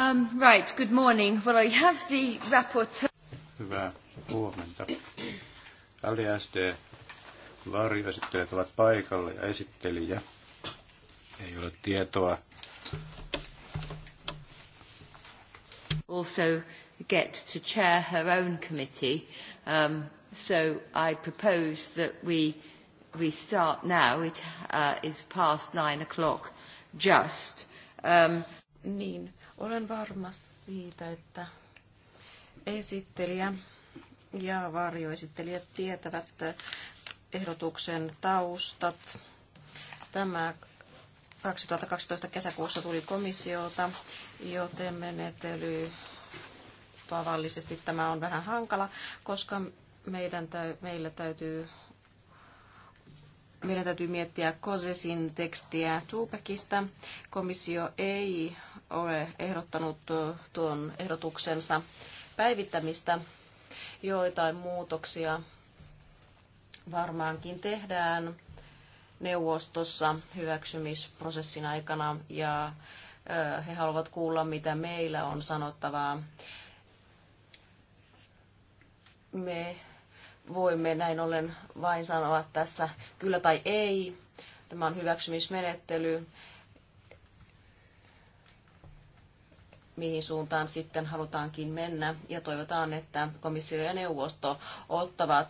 Um, right, good morning. Well, I have the rapporteur. Hyvää huomenta. LSD varjoesittelijät ovat paikalla ja esittelijä. Ei ole tietoa. Also get to chair her own committee. Um, so I propose that we, we start now. It uh, is past nine o'clock just. Um, niin, olen varma siitä, että esittelijä ja varjoesittelijät tietävät ehdotuksen taustat. Tämä 2012 kesäkuussa tuli komissiolta, joten menetely tavallisesti tämä on vähän hankala, koska meidän, meillä täytyy meidän täytyy miettiä Kosesin tekstiä Tupekista. Komissio ei ole ehdottanut tuon ehdotuksensa päivittämistä. Joitain muutoksia varmaankin tehdään neuvostossa hyväksymisprosessin aikana ja he haluavat kuulla, mitä meillä on sanottavaa. Me voimme näin ollen vain sanoa tässä kyllä tai ei. Tämä on hyväksymismenettely. mihin suuntaan sitten halutaankin mennä. Ja toivotaan, että komissio ja neuvosto ottavat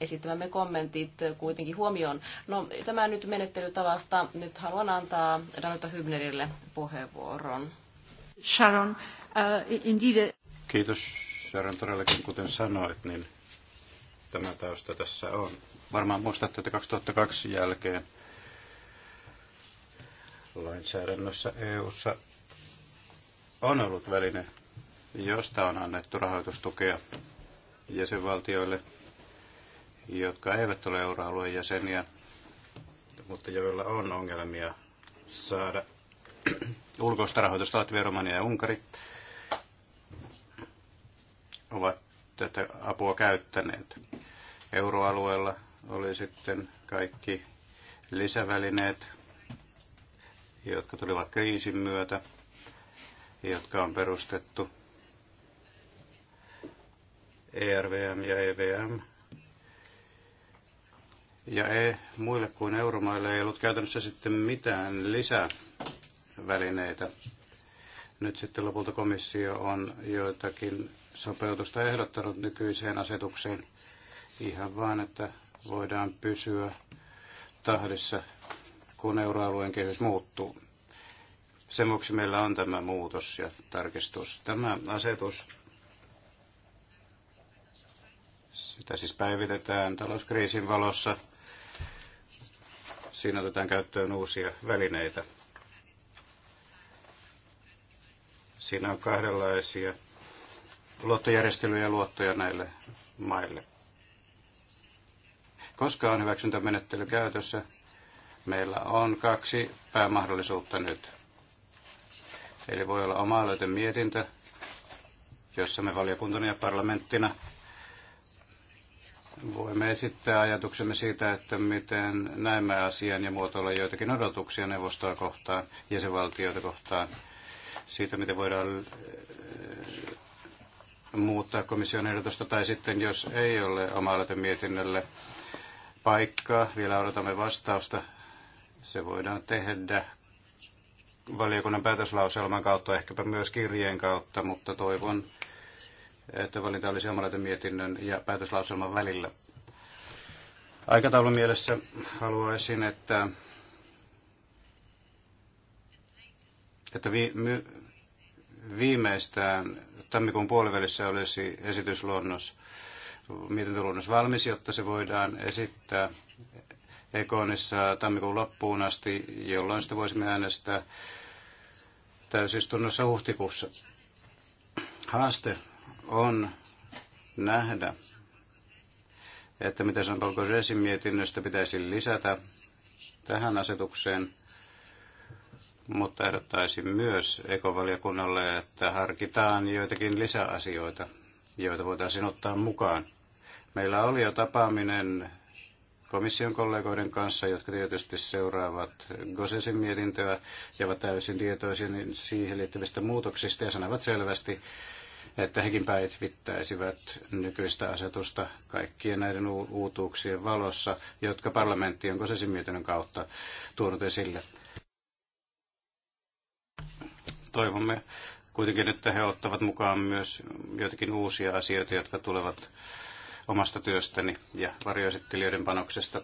esittämämme kommentit kuitenkin huomioon. No, tämä nyt menettelytavasta. Nyt haluan antaa Danuta Hybnerille puheenvuoron. Sharon, uh, indeed. Uh, Kiitos Sharon todellakin, kuten sanoit, niin tämä tausta tässä on. Varmaan muistatte, että 2002 jälkeen lainsäädännössä EU:ssa on ollut väline, josta on annettu rahoitustukea jäsenvaltioille, jotka eivät ole euroalueen jäseniä, mutta joilla on ongelmia saada ulkoista rahoitusta Latvia, Romania ja Unkari ovat tätä apua käyttäneet euroalueella oli sitten kaikki lisävälineet, jotka tulivat kriisin myötä, jotka on perustettu ERVM ja EVM. Ja ei, muille kuin euromaille ei ollut käytännössä sitten mitään lisävälineitä. Nyt sitten lopulta komissio on joitakin sopeutusta ehdottanut nykyiseen asetukseen ihan vaan, että voidaan pysyä tahdissa, kun euroalueen kehys muuttuu. Sen vuoksi meillä on tämä muutos ja tarkistus. Tämä asetus, sitä siis päivitetään talouskriisin valossa. Siinä otetaan käyttöön uusia välineitä. Siinä on kahdenlaisia luottojärjestelyjä ja luottoja näille maille. Koska on hyväksyntämenettely käytössä, meillä on kaksi päämahdollisuutta nyt. Eli voi olla oma mietintö, jossa me valiokuntana ja parlamenttina voimme esittää ajatuksemme siitä, että miten näemme asian ja muotoilla joitakin odotuksia neuvostoa kohtaan, jäsenvaltioita kohtaan, siitä miten voidaan eh, muuttaa komission ehdotusta, tai sitten jos ei ole oma mietinnölle paikkaa. Vielä odotamme vastausta. Se voidaan tehdä valiokunnan päätöslauselman kautta, ehkäpä myös kirjeen kautta, mutta toivon, että valinta olisi omalaisen mietinnön ja päätöslauselman välillä. Aikataulun mielessä haluaisin, että, että vi, my, viimeistään tammikuun puolivälissä olisi esitysluonnos mietintöluonnos valmis, jotta se voidaan esittää Ekonissa tammikuun loppuun asti, jolloin sitä voisimme äänestää täysistunnossa huhtikuussa. Haaste on nähdä, että mitä San Polkosesin mietinnöstä pitäisi lisätä tähän asetukseen, mutta ehdottaisin myös ekovaliokunnalle, että harkitaan joitakin lisäasioita, joita voitaisiin ottaa mukaan. Meillä oli jo tapaaminen komission kollegoiden kanssa, jotka tietysti seuraavat Gosesin mietintöä ja ovat täysin tietoisia siihen liittyvistä muutoksista ja sanovat selvästi, että hekin päivittäisivät nykyistä asetusta kaikkien näiden uutuuksien valossa, jotka parlamentti on Gosesin mietinnön kautta tuonut esille. Toivomme kuitenkin, että he ottavat mukaan myös joitakin uusia asioita, jotka tulevat omasta työstäni ja varjoesittelijöiden panoksesta.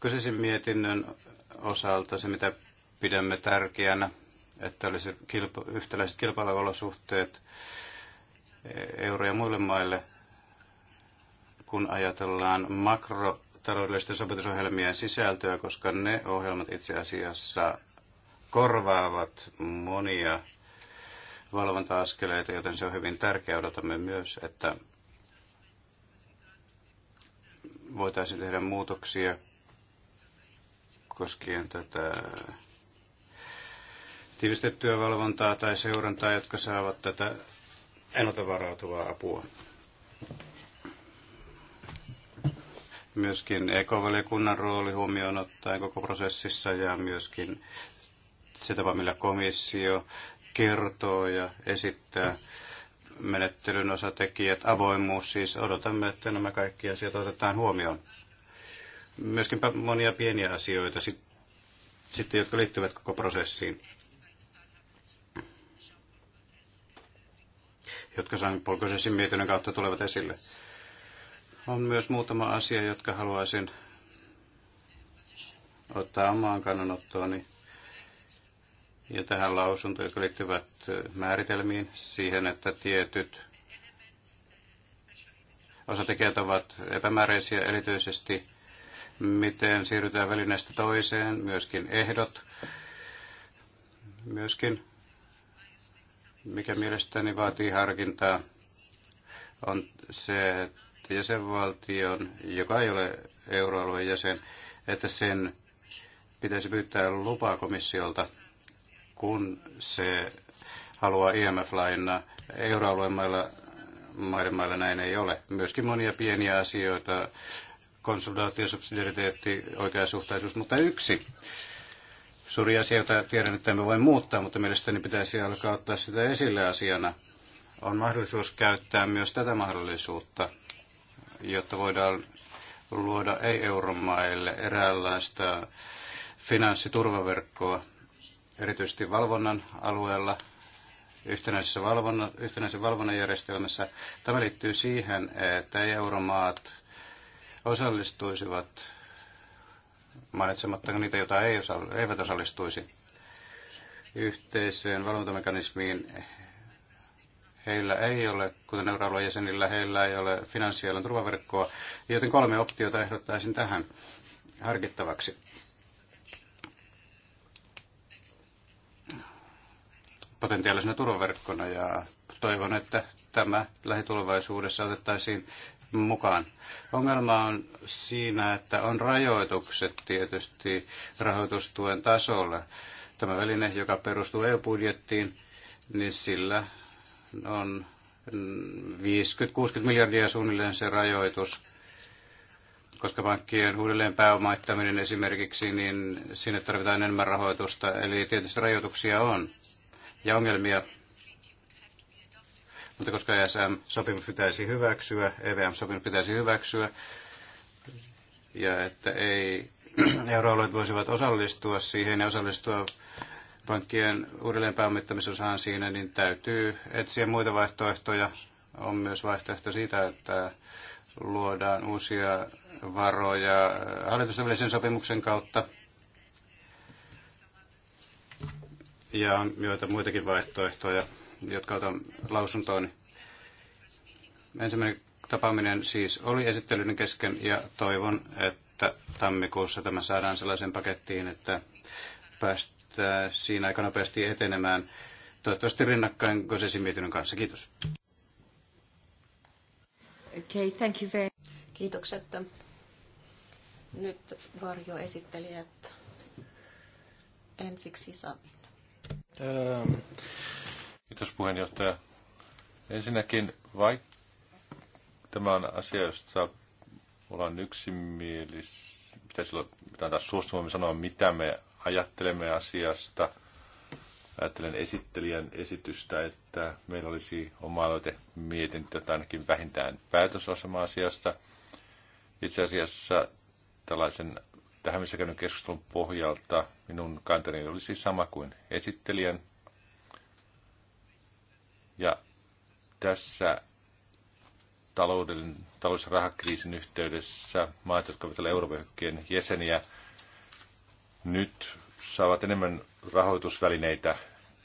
Kysyisin mietinnön osalta se, mitä pidämme tärkeänä, että olisi kilpa- yhtäläiset kilpailuolosuhteet euro- ja muille maille, kun ajatellaan makrotaloudellisten sopetusohjelmien sisältöä, koska ne ohjelmat itse asiassa korvaavat monia valvonta-askeleita, joten se on hyvin tärkeää. Odotamme myös, että voitaisiin tehdä muutoksia koskien tätä tiivistettyä valvontaa tai seurantaa, jotka saavat tätä ennalta varautuvaa apua. Myöskin ekovaliokunnan rooli huomioon ottaen koko prosessissa ja myöskin se tapa, millä komissio kertoo ja esittää menettelyn osatekijät, avoimuus, siis odotamme, että nämä kaikki asiat otetaan huomioon. Myöskin monia pieniä asioita, sitten, jotka liittyvät koko prosessiin, jotka saan polkoisen mietinnön kautta tulevat esille. On myös muutama asia, jotka haluaisin ottaa omaan kannanottooni. Niin ja tähän lausuntoon, jotka liittyvät määritelmiin siihen, että tietyt osatekijät ovat epämääräisiä, erityisesti miten siirrytään välineestä toiseen, myöskin ehdot, myöskin mikä mielestäni vaatii harkintaa, on se, että jäsenvaltion, joka ei ole euroalueen jäsen, että sen pitäisi pyytää lupaa komissiolta kun se haluaa IMF-lainaa. Euroalueen mailla, maiden mailla näin ei ole. Myöskin monia pieniä asioita, konsultaatio, subsidiariteetti, oikeasuhtaisuus, mutta yksi suuri asia, jota tiedän, että emme voi muuttaa, mutta mielestäni pitäisi alkaa ottaa sitä esille asiana, on mahdollisuus käyttää myös tätä mahdollisuutta, jotta voidaan luoda ei-euromaille eräänlaista finanssiturvaverkkoa, erityisesti valvonnan alueella, yhtenäisessä valvonnan, yhtenäisen valvonnan järjestelmässä. Tämä liittyy siihen, että euromaat osallistuisivat, mainitsematta niitä, joita ei osa, eivät osallistuisi, yhteiseen valvontamekanismiin heillä ei ole, kuten euroalueen jäsenillä, heillä ei ole finanssialan turvaverkkoa, joten kolme optiota ehdottaisin tähän harkittavaksi. potentiaalisena turvaverkkona ja toivon, että tämä lähitulevaisuudessa otettaisiin mukaan. Ongelma on siinä, että on rajoitukset tietysti rahoitustuen tasolla. Tämä väline, joka perustuu EU-budjettiin, niin sillä on 50-60 miljardia suunnilleen se rajoitus, koska pankkien uudelleen pääomaittaminen esimerkiksi, niin sinne tarvitaan enemmän rahoitusta, eli tietysti rajoituksia on ja ongelmia. Mutta koska ESM-sopimus pitäisi hyväksyä, EVM-sopimus pitäisi hyväksyä, ja että ei euroalueet voisivat osallistua siihen ja osallistua pankkien uudelleenpääomittamisosaan siinä, niin täytyy etsiä muita vaihtoehtoja. On myös vaihtoehto siitä, että luodaan uusia varoja hallitusten välisen sopimuksen kautta – ja on joita muitakin vaihtoehtoja, jotka otan lausuntoon. Ensimmäinen tapaaminen siis oli esittelyn kesken ja toivon, että tammikuussa tämä saadaan sellaisen pakettiin, että päästään siinä aika nopeasti etenemään. Toivottavasti rinnakkain mietinnön kanssa. Kiitos. Okay, thank you very... Kiitokset. Nyt varjoesittelijät ensiksi Sami. Kiitos puheenjohtaja. Ensinnäkin vaikka tämä on asia, josta ollaan yksimielisiä, pitäisi olla, pitää antaa suostumamme sanoa, mitä me ajattelemme asiasta. Ajattelen esittelijän esitystä, että meillä olisi oma aloite mietintö tai ainakin vähintään päätösasema asiasta. Itse asiassa tällaisen Tähän missä käynyt keskustelun pohjalta minun kantani oli siis sama kuin esittelijän. Ja tässä talouden, talous- ja rahakriisin yhteydessä maat, jotka ovat Euroopan jäseniä, nyt saavat enemmän rahoitusvälineitä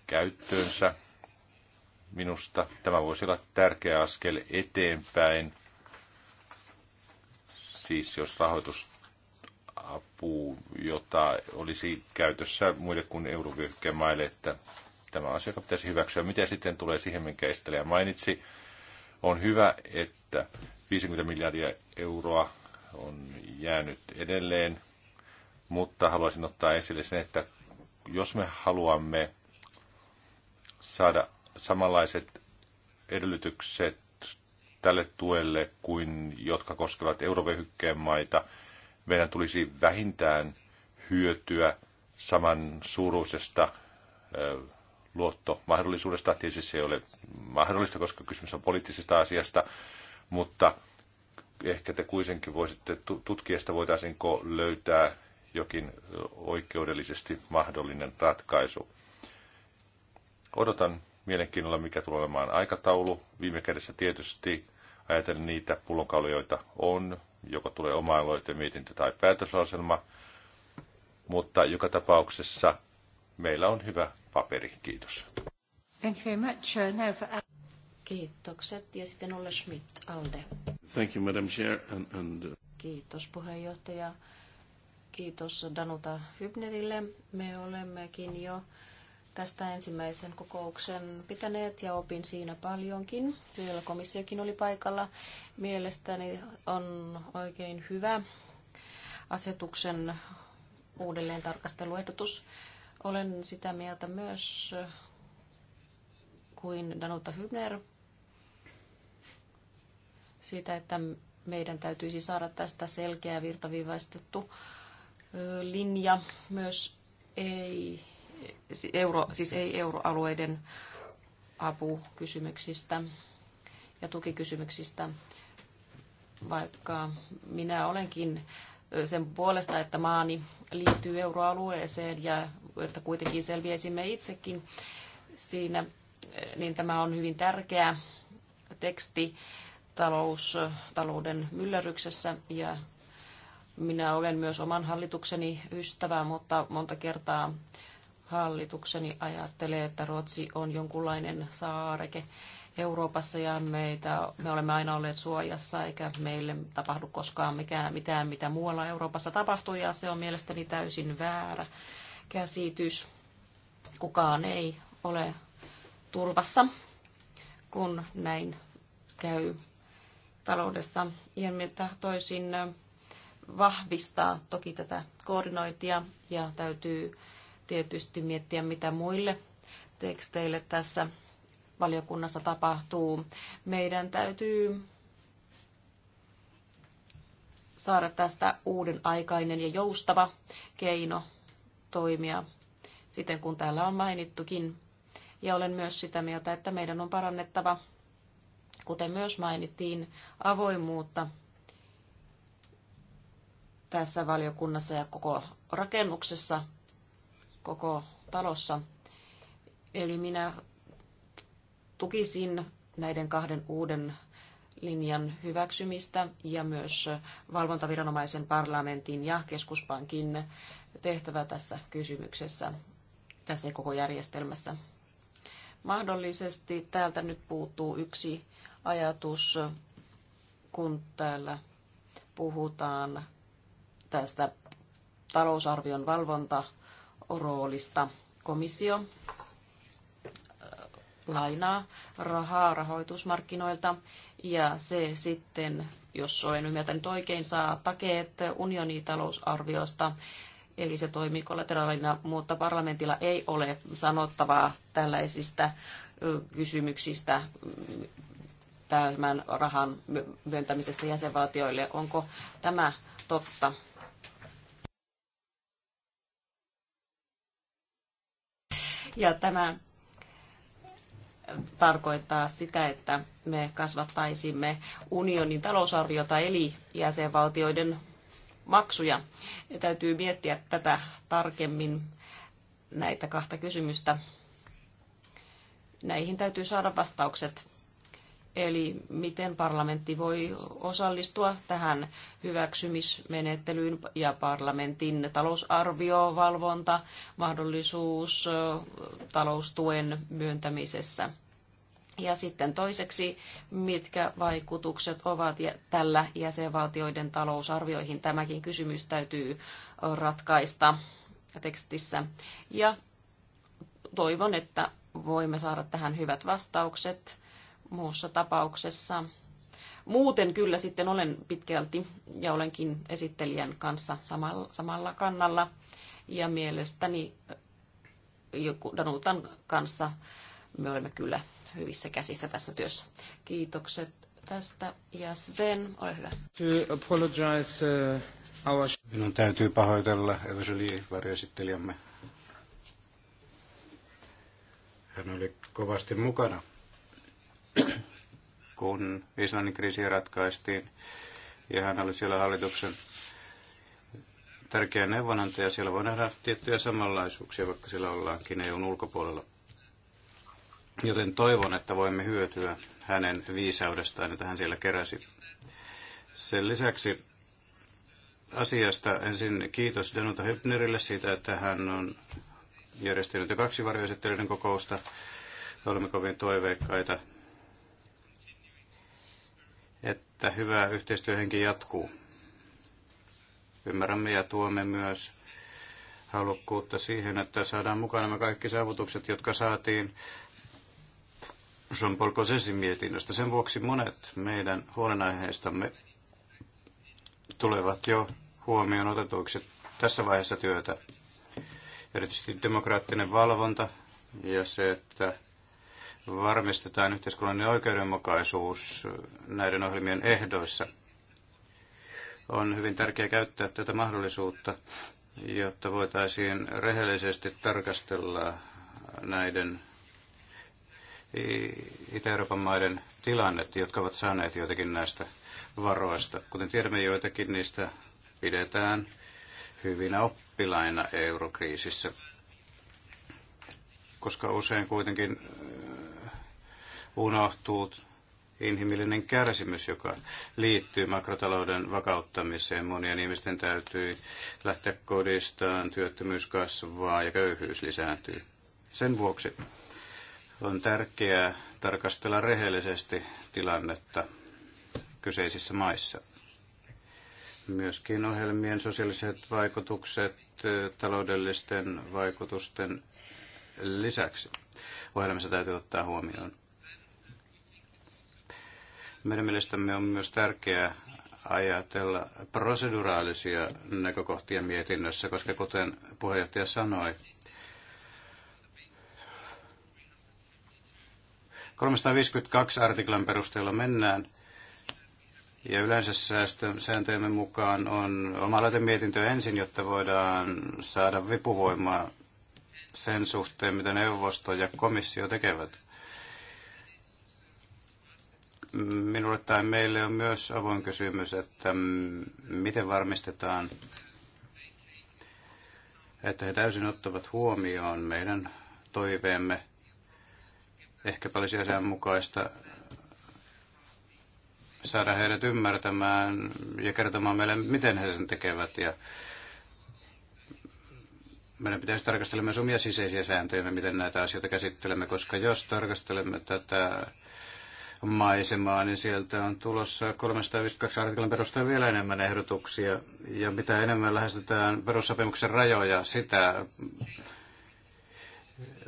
käyttöönsä. Minusta tämä voisi olla tärkeä askel eteenpäin. Siis jos rahoitus apu, jota olisi käytössä muille kuin eurovyöhykkeen maille, että tämä asia pitäisi hyväksyä. Mitä sitten tulee siihen, minkä Estelä mainitsi? On hyvä, että 50 miljardia euroa on jäänyt edelleen, mutta haluaisin ottaa esille sen, että jos me haluamme saada samanlaiset edellytykset tälle tuelle kuin jotka koskevat eurovyöhykkeen maita – meidän tulisi vähintään hyötyä saman suuruisesta luottomahdollisuudesta. Tietysti se ei ole mahdollista, koska kysymys on poliittisesta asiasta, mutta ehkä te kuitenkin voisitte tutkia sitä, voitaisiinko löytää jokin oikeudellisesti mahdollinen ratkaisu. Odotan mielenkiinnolla, mikä tulee olemaan aikataulu. Viime kädessä tietysti ajatellen niitä pullonkauloja, joita on, joko tulee oma aloite, mietintö tai päätöslauselma, mutta joka tapauksessa meillä on hyvä paperi. Kiitos. Thank you very much. Uh, now for... Kiitokset. Ja sitten Ulla Schmidt, Alde. Thank you, Madam Chair. And, and... Uh, Kiitos puheenjohtaja. Kiitos Danuta Hybnerille. Me olemmekin jo tästä ensimmäisen kokouksen pitäneet ja opin siinä paljonkin. Siellä komissiokin oli paikalla. Mielestäni on oikein hyvä asetuksen uudelleen tarkasteluehdotus. Olen sitä mieltä myös kuin Danuta Hübner siitä, että meidän täytyisi saada tästä selkeä virtaviivaistettu linja. Myös ei euro, siis ei euroalueiden apukysymyksistä ja tukikysymyksistä, vaikka minä olenkin sen puolesta, että maani liittyy euroalueeseen ja että kuitenkin selviäisimme itsekin siinä, niin tämä on hyvin tärkeä teksti talous, talouden myllerryksessä ja minä olen myös oman hallitukseni ystävä, mutta monta kertaa hallitukseni ajattelee, että Ruotsi on jonkunlainen saareke Euroopassa ja meitä, me olemme aina olleet suojassa eikä meille tapahdu koskaan mikään, mitään, mitä muualla Euroopassa tapahtuu ja se on mielestäni täysin väärä käsitys. Kukaan ei ole turvassa, kun näin käy taloudessa. Ja minä tahtoisin vahvistaa toki tätä koordinointia ja täytyy tietysti miettiä, mitä muille teksteille tässä valiokunnassa tapahtuu. Meidän täytyy saada tästä uuden aikainen ja joustava keino toimia siten kun täällä on mainittukin. Ja olen myös sitä mieltä, että meidän on parannettava, kuten myös mainittiin, avoimuutta tässä valiokunnassa ja koko rakennuksessa koko talossa. Eli minä tukisin näiden kahden uuden linjan hyväksymistä ja myös valvontaviranomaisen parlamentin ja keskuspankin tehtävä tässä kysymyksessä, tässä koko järjestelmässä. Mahdollisesti täältä nyt puuttuu yksi ajatus, kun täällä puhutaan tästä talousarvion valvonta roolista. Komissio lainaa rahaa rahoitusmarkkinoilta ja se sitten, jos olen ymmärtänyt oikein, saa takeet unionin talousarviosta. Eli se toimii kollateraalina, mutta parlamentilla ei ole sanottavaa tällaisista kysymyksistä mm, tämän rahan myöntämisestä jäsenvaltioille. Onko tämä totta? Ja tämä tarkoittaa sitä, että me kasvattaisimme unionin talousarviota eli jäsenvaltioiden maksuja. Ja täytyy miettiä tätä tarkemmin näitä kahta kysymystä. Näihin täytyy saada vastaukset Eli miten parlamentti voi osallistua tähän hyväksymismenettelyyn ja parlamentin talousarviovalvonta, mahdollisuus taloustuen myöntämisessä. Ja sitten toiseksi, mitkä vaikutukset ovat tällä jäsenvaltioiden talousarvioihin. Tämäkin kysymys täytyy ratkaista tekstissä. Ja toivon, että voimme saada tähän hyvät vastaukset muussa tapauksessa. Muuten kyllä sitten olen pitkälti ja olenkin esittelijän kanssa samalla, samalla kannalla ja mielestäni eh, Danutan kanssa me olemme kyllä hyvissä käsissä tässä työssä. Kiitokset tästä ja Sven, ole hyvä. Uh, Minun täytyy pahoitella Evangelie varjoesittelijämme. Hän oli kovasti mukana kun Islannin kriisiä ratkaistiin, ja hän oli siellä hallituksen tärkeä neuvonantaja. Siellä voi nähdä tiettyjä samanlaisuuksia, vaikka siellä ollaankin EUn ulkopuolella. Joten toivon, että voimme hyötyä hänen viisaudestaan, jota hän siellä keräsi. Sen lisäksi asiasta ensin kiitos Danuta Hypnerille siitä, että hän on järjestänyt jo kaksi varjoesittelyiden kokousta. Olemme kovin toiveikkaita että hyvä yhteistyöhenki jatkuu. Ymmärrämme ja tuomme myös halukkuutta siihen, että saadaan mukaan nämä kaikki saavutukset, jotka saatiin Jean-Paul Cossesin mietinnöstä. Sen vuoksi monet meidän huolenaiheistamme tulevat jo huomioon otetuiksi tässä vaiheessa työtä. Erityisesti demokraattinen valvonta ja se, että varmistetaan yhteiskunnallinen oikeudenmukaisuus näiden ohjelmien ehdoissa. On hyvin tärkeää käyttää tätä mahdollisuutta, jotta voitaisiin rehellisesti tarkastella näiden Itä-Euroopan maiden tilannet, jotka ovat saaneet joitakin näistä varoista. Kuten tiedämme, joitakin niistä pidetään hyvinä oppilaina eurokriisissä, koska usein kuitenkin unohtuu inhimillinen kärsimys, joka liittyy makrotalouden vakauttamiseen. Monien ihmisten täytyy lähteä kodistaan, työttömyys kasvaa ja köyhyys lisääntyy. Sen vuoksi on tärkeää tarkastella rehellisesti tilannetta kyseisissä maissa. Myöskin ohjelmien sosiaaliset vaikutukset taloudellisten vaikutusten lisäksi ohjelmissa täytyy ottaa huomioon. Meidän mielestämme on myös tärkeää ajatella proseduraalisia näkökohtia mietinnössä, koska kuten puheenjohtaja sanoi, 352 artiklan perusteella mennään. Ja yleensä sääntöjemme mukaan on oma mietintö ensin, jotta voidaan saada vipuvoimaa sen suhteen, mitä neuvosto ja komissio tekevät. Minulle tai meille on myös avoin kysymys, että miten varmistetaan, että he täysin ottavat huomioon meidän toiveemme. ehkä olisi asianmukaista saada heidät ymmärtämään ja kertomaan meille, miten he sen tekevät. Ja meidän pitäisi tarkastella myös omia sisäisiä sääntöjä, miten näitä asioita käsittelemme, koska jos tarkastelemme tätä maisemaa, niin sieltä on tulossa 352 artiklan perusteella vielä enemmän ehdotuksia. Ja mitä enemmän lähestytään perussopimuksen rajoja, sitä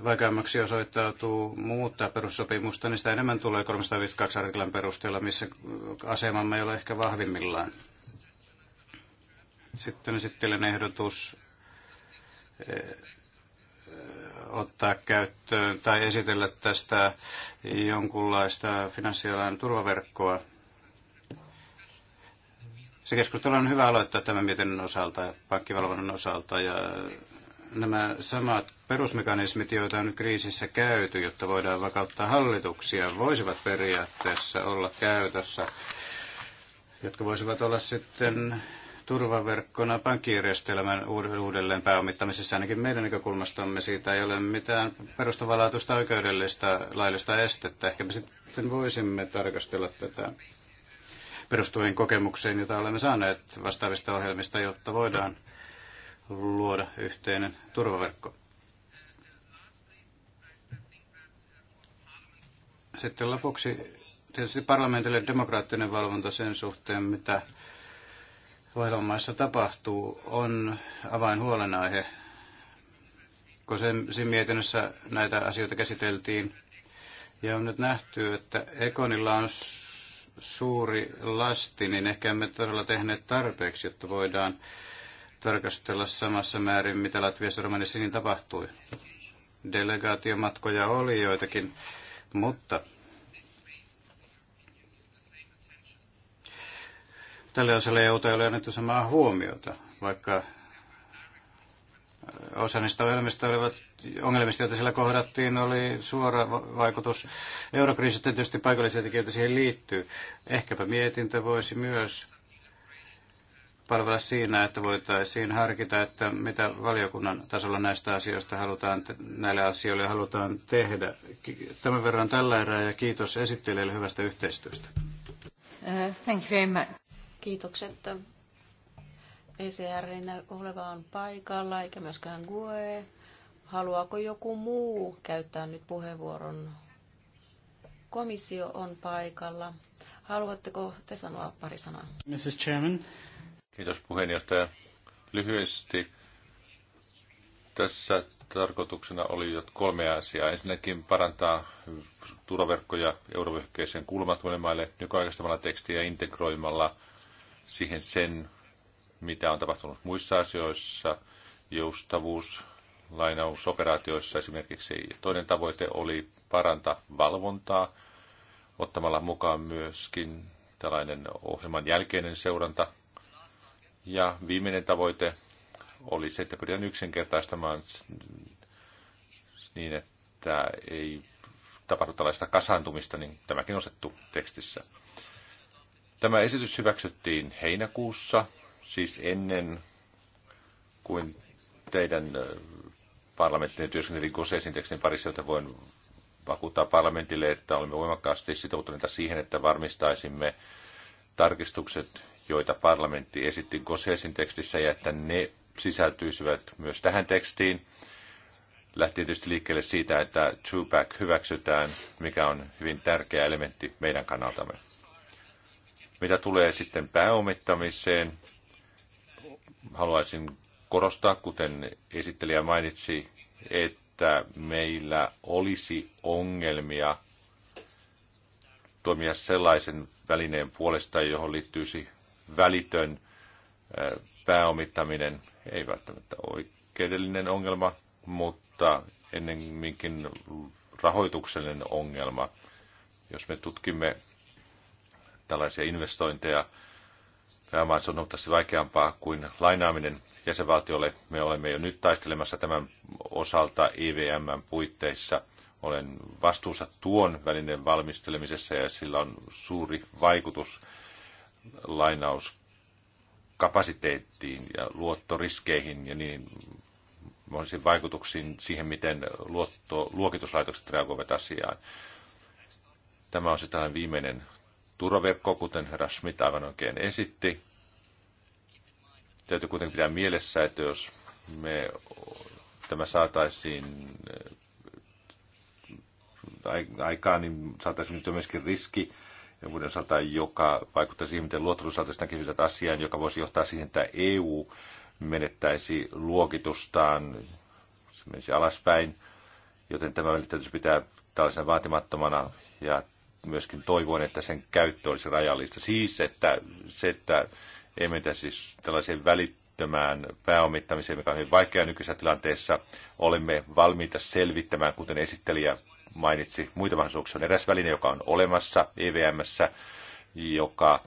vaikeammaksi osoittautuu muuttaa perussopimusta, niin sitä enemmän tulee 352 artiklan perusteella, missä asemamme ei ole ehkä vahvimmillaan. Sitten esittelen ehdotus ottaa käyttöön tai esitellä tästä jonkunlaista finanssialan turvaverkkoa. Se keskustelu on hyvä aloittaa tämän mietinnön osalta, pankkivalvonnan osalta ja nämä samat perusmekanismit, joita on kriisissä käyty, jotta voidaan vakauttaa hallituksia, voisivat periaatteessa olla käytössä, jotka voisivat olla sitten turvaverkkona pankkijärjestelmän uudelleen pääomittamisessa ainakin meidän näkökulmastamme siitä ei ole mitään perustavanlaatuista oikeudellista laillista estettä. Ehkä me sitten voisimme tarkastella tätä perustuen kokemukseen, jota olemme saaneet vastaavista ohjelmista, jotta voidaan luoda yhteinen turvaverkko. Sitten lopuksi tietysti parlamentille demokraattinen valvonta sen suhteen, mitä ohjelmassa tapahtuu, on avainhuolenaihe. Kun sen mietinnössä näitä asioita käsiteltiin, ja on nyt nähty, että Ekonilla on suuri lasti, niin ehkä emme todella tehneet tarpeeksi, jotta voidaan tarkastella samassa määrin, mitä Latviassa Romanissa niin tapahtui. Delegaatiomatkoja oli joitakin, mutta Tälle osalle EUta ei ole annettu samaa huomiota, vaikka osa niistä ongelmista, olivat, ongelmista joita siellä kohdattiin, oli suora vaikutus eurokriisistä. Tietysti paikallisia tekijöitä siihen liittyy. Ehkäpä mietintö voisi myös palvella siinä, että voitaisiin harkita, että mitä valiokunnan tasolla näistä asioista halutaan, näille asioille halutaan tehdä. Tämän verran tällä erää ja kiitos esittelijälle hyvästä yhteistyöstä. Uh, thank you very much. Kiitokset. ECR olevaan paikalla, eikä myöskään GUE. Haluaako joku muu käyttää nyt puheenvuoron? Komissio on paikalla. Haluatteko te sanoa pari sanaa? Mrs. Chairman. Kiitos puheenjohtaja. Lyhyesti tässä tarkoituksena oli jo kolme asiaa. Ensinnäkin parantaa turvaverkkoja eurovyöhykkeeseen kuulumattomille maille nykyaikaistamalla tekstiä integroimalla – siihen sen, mitä on tapahtunut muissa asioissa, joustavuus, lainausoperaatioissa esimerkiksi. Toinen tavoite oli parantaa valvontaa ottamalla mukaan myöskin tällainen ohjelman jälkeinen seuranta. Ja viimeinen tavoite oli se, että pyritään yksinkertaistamaan niin, että ei tapahdu tällaista kasaantumista, niin tämäkin on osettu tekstissä. Tämä esitys hyväksyttiin heinäkuussa, siis ennen kuin teidän parlamenttinen työskenteli koseesintekstin parissa, jota voin vakuuttaa parlamentille, että olemme voimakkaasti sitoutuneita siihen, että varmistaisimme tarkistukset, joita parlamentti esitti Gosesin tekstissä, ja että ne sisältyisivät myös tähän tekstiin. Lähti tietysti liikkeelle siitä, että Tupac hyväksytään, mikä on hyvin tärkeä elementti meidän kannaltamme. Mitä tulee sitten pääomittamiseen, haluaisin korostaa, kuten esittelijä mainitsi, että meillä olisi ongelmia toimia sellaisen välineen puolesta, johon liittyisi välitön pääomittaminen. Ei välttämättä oikeudellinen ongelma, mutta ennemminkin rahoituksellinen ongelma. Jos me tutkimme tällaisia investointeja. tämä on huomattavasti vaikeampaa kuin lainaaminen jäsenvaltiolle. Me olemme jo nyt taistelemassa tämän osalta EVMn puitteissa. Olen vastuussa tuon välineen valmistelemisessa ja sillä on suuri vaikutus lainauskapasiteettiin ja luottoriskeihin ja niin mahdollisiin vaikutuksiin siihen, miten luotto, luokituslaitokset reagoivat asiaan. Tämä on se siis tällainen viimeinen turvaverkko, kuten herra Schmidt aivan oikein esitti. Täytyy kuitenkin pitää mielessä, että jos me tämä saataisiin äh, aikaan, niin saataisiin myöskin riski, osalta, joka vaikuttaisi siihen, miten luottelu saataisiin näkyvyydet asiaan, joka voisi johtaa siihen, että EU menettäisi luokitustaan, se menisi alaspäin, joten tämä välittäytys pitää tällaisena vaatimattomana ja myöskin toivon, että sen käyttö olisi rajallista. Siis, että se, että emme meitä siis tällaiseen välittömään pääomittamiseen, mikä on hyvin vaikeaa nykyisessä tilanteessa, olemme valmiita selvittämään, kuten esittelijä mainitsi, muita mahdollisuuksia. On eräs väline, joka on olemassa EVMssä, joka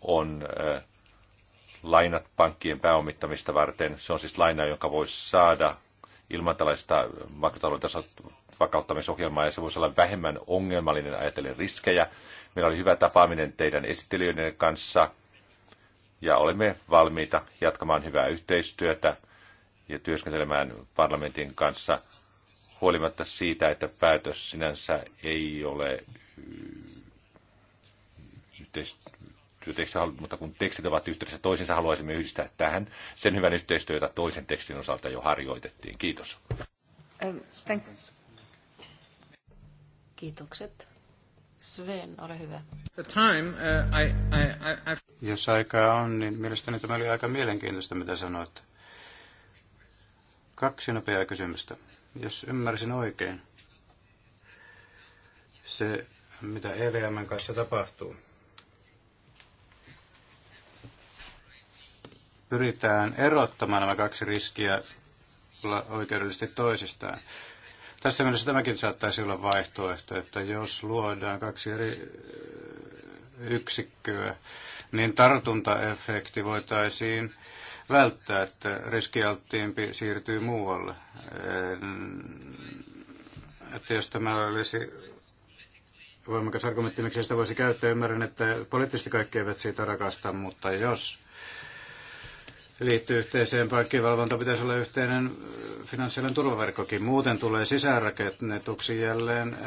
on äh, lainat pankkien pääomittamista varten. Se on siis laina, jonka voisi saada ilman tällaista makrotalouden vakauttamisohjelmaa ja se voisi olla vähemmän ongelmallinen ajatellen riskejä. Meillä oli hyvä tapaaminen teidän esittelijöiden kanssa ja olemme valmiita jatkamaan hyvää yhteistyötä ja työskentelemään parlamentin kanssa huolimatta siitä, että päätös sinänsä ei ole äh, yhteistyötä, mutta kun tekstit ovat yhteydessä toisinsa, haluaisimme yhdistää tähän sen hyvän yhteistyötä toisen tekstin osalta jo harjoitettiin. Kiitos. Um, thank, Kiitokset. Sven, ole hyvä. The time, uh, I, I, I... Jos aikaa on, niin mielestäni tämä oli aika mielenkiintoista, mitä sanoit. Kaksi nopeaa kysymystä. Jos ymmärsin oikein, se mitä EVMn kanssa tapahtuu, pyritään erottamaan nämä kaksi riskiä oikeudellisesti toisistaan. Tässä mielessä tämäkin saattaisi olla vaihtoehto, että jos luodaan kaksi eri äh, yksikköä, niin tartuntaefekti voitaisiin välttää, että riskialttiimpi siirtyy muualle. Että jos tämä olisi voimakas argumentti, miksi sitä voisi käyttää, ymmärrän, että poliittisesti kaikki eivät siitä rakasta, mutta jos liittyy yhteiseen pankkivalvonta, pitäisi olla yhteinen finanssialan turvaverkkokin. Muuten tulee sisäänrakennetuksi jälleen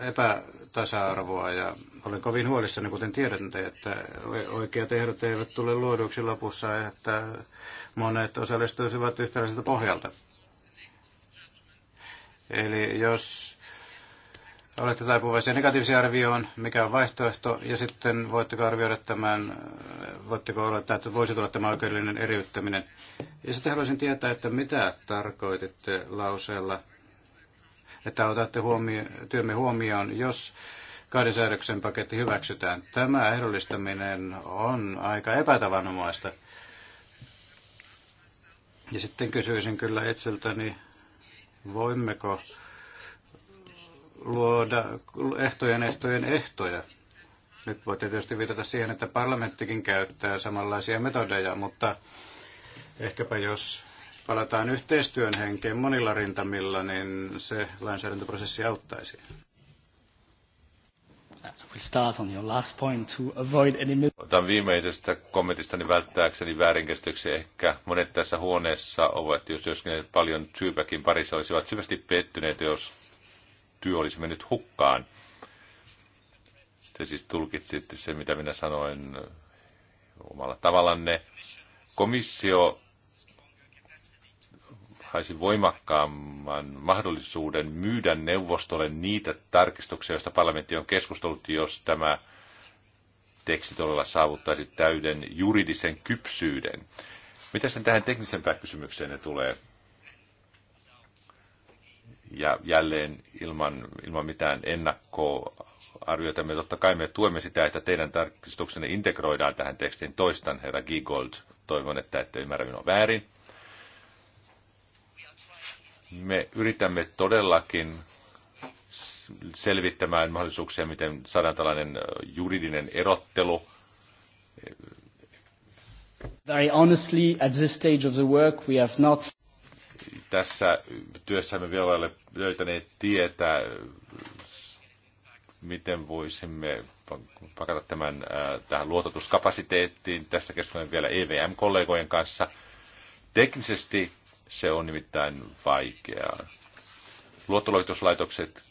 epätasa-arvoa ja olen kovin huolissani, kuten tiedätte, että oikeat ehdot eivät tule luoduksi lopussa, että monet osallistuisivat yhtäläiseltä pohjalta. Eli jos olette taipuvaisia negatiivisia arvioon, mikä on vaihtoehto, ja sitten voitteko arvioida tämän, voitteko olettaa, että voisi tulla tämä oikeudellinen eriyttäminen. Ja sitten haluaisin tietää, että mitä tarkoititte lauseella, että otatte huomio, työmme huomioon, jos kahden säädöksen paketti hyväksytään. Tämä ehdollistaminen on aika epätavanomaista. Ja sitten kysyisin kyllä itseltäni, voimmeko luoda ehtojen ehtojen ehtoja. Nyt voi tietysti viitata siihen, että parlamenttikin käyttää samanlaisia metodeja, mutta ehkäpä jos palataan yhteistyön henkeen monilla rintamilla, niin se lainsäädäntöprosessi auttaisi. Otan viimeisestä kommentistani välttääkseni väärinkäsityksiä. Ehkä monet tässä huoneessa ovat, jos joskin paljon syypäkin parissa olisivat syvästi pettyneet, jos työ olisi mennyt hukkaan. Te siis tulkitsitte se, mitä minä sanoin omalla tavallanne. Komissio haisi voimakkaamman mahdollisuuden myydä neuvostolle niitä tarkistuksia, joista parlamentti on keskustellut, jos tämä teksti todella saavuttaisi täyden juridisen kypsyyden. Mitä sen tähän teknisempään kysymykseen ne tulee? ja jälleen ilman, ilman mitään ennakkoa arvioita. Me totta kai me tuemme sitä, että teidän tarkistuksenne integroidaan tähän tekstiin. Toistan, herra Gigold, toivon, että ette ymmärrä minua väärin. Me yritämme todellakin selvittämään mahdollisuuksia, miten saadaan tällainen juridinen erottelu. Very honestly, at this stage of the work, we have not tässä työssä me vielä ole löytäneet tietä, miten voisimme pakata tämän tähän luototuskapasiteettiin. Tästä keskustelen vielä EVM-kollegojen kanssa. Teknisesti se on nimittäin vaikeaa. Luottoloituslaitokset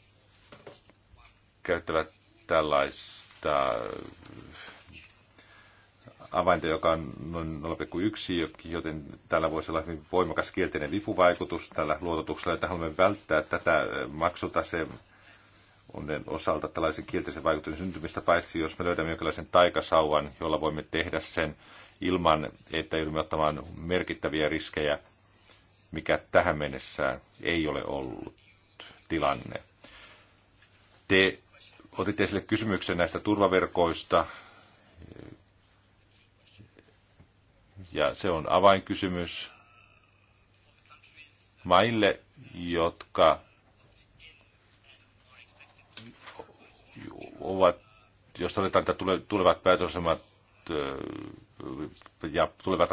käyttävät tällaista avainta, joka on noin 0,1, joten tällä voisi olla hyvin voimakas kielteinen vipuvaikutus tällä luototuksella, että haluamme välttää tätä eh, maksutaseen onnen osalta tällaisen kielteisen vaikutuksen syntymistä, paitsi jos me löydämme jonkinlaisen taikasauvan, jolla voimme tehdä sen ilman, että joudumme ottamaan merkittäviä riskejä, mikä tähän mennessä ei ole ollut tilanne. Te otitte esille kysymyksen näistä turvaverkoista, ja se on avainkysymys maille, jotka ovat, jos todetaan, että tulevat päätösasemat äh, ja tulevat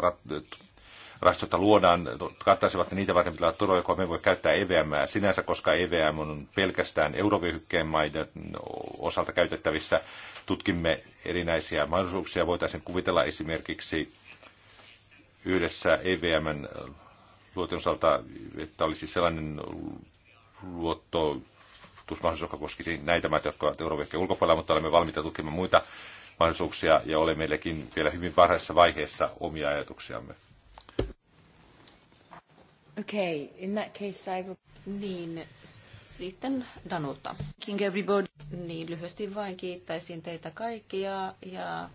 rastot, luodaan, kattaisivat niin niitä varten pitää todella, todella, me voi käyttää EVM sinänsä, koska EVM on pelkästään eurovyöhykkeen maiden osalta käytettävissä. Tutkimme erinäisiä mahdollisuuksia. Voitaisiin kuvitella esimerkiksi yhdessä EVMn luoton osalta, että olisi sellainen luotto, joka koskisi näitä maita, jotka ovat Euroopan ulkopuolella, mutta olemme valmiita tutkimaan muita mahdollisuuksia ja olemme meillekin vielä hyvin varhaisessa vaiheessa omia ajatuksiamme. Okay, in that case I will... Niin, sitten Danuta. King everybody. Niin, lyhyesti vain kiittäisin teitä kaikkia ja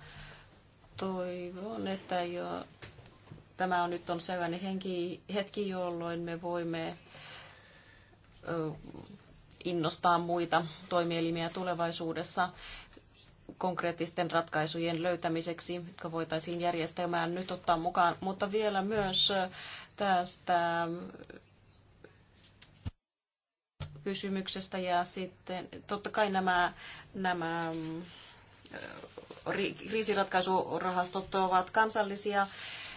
toivon, että jo Tämä on nyt on sellainen henki, hetki, jolloin me voimme innostaa muita toimielimiä tulevaisuudessa konkreettisten ratkaisujen löytämiseksi, jotka voitaisiin järjestelmään nyt ottaa mukaan, mutta vielä myös tästä kysymyksestä ja sitten totta kai nämä, nämä kriisiratkaisurahastot ovat kansallisia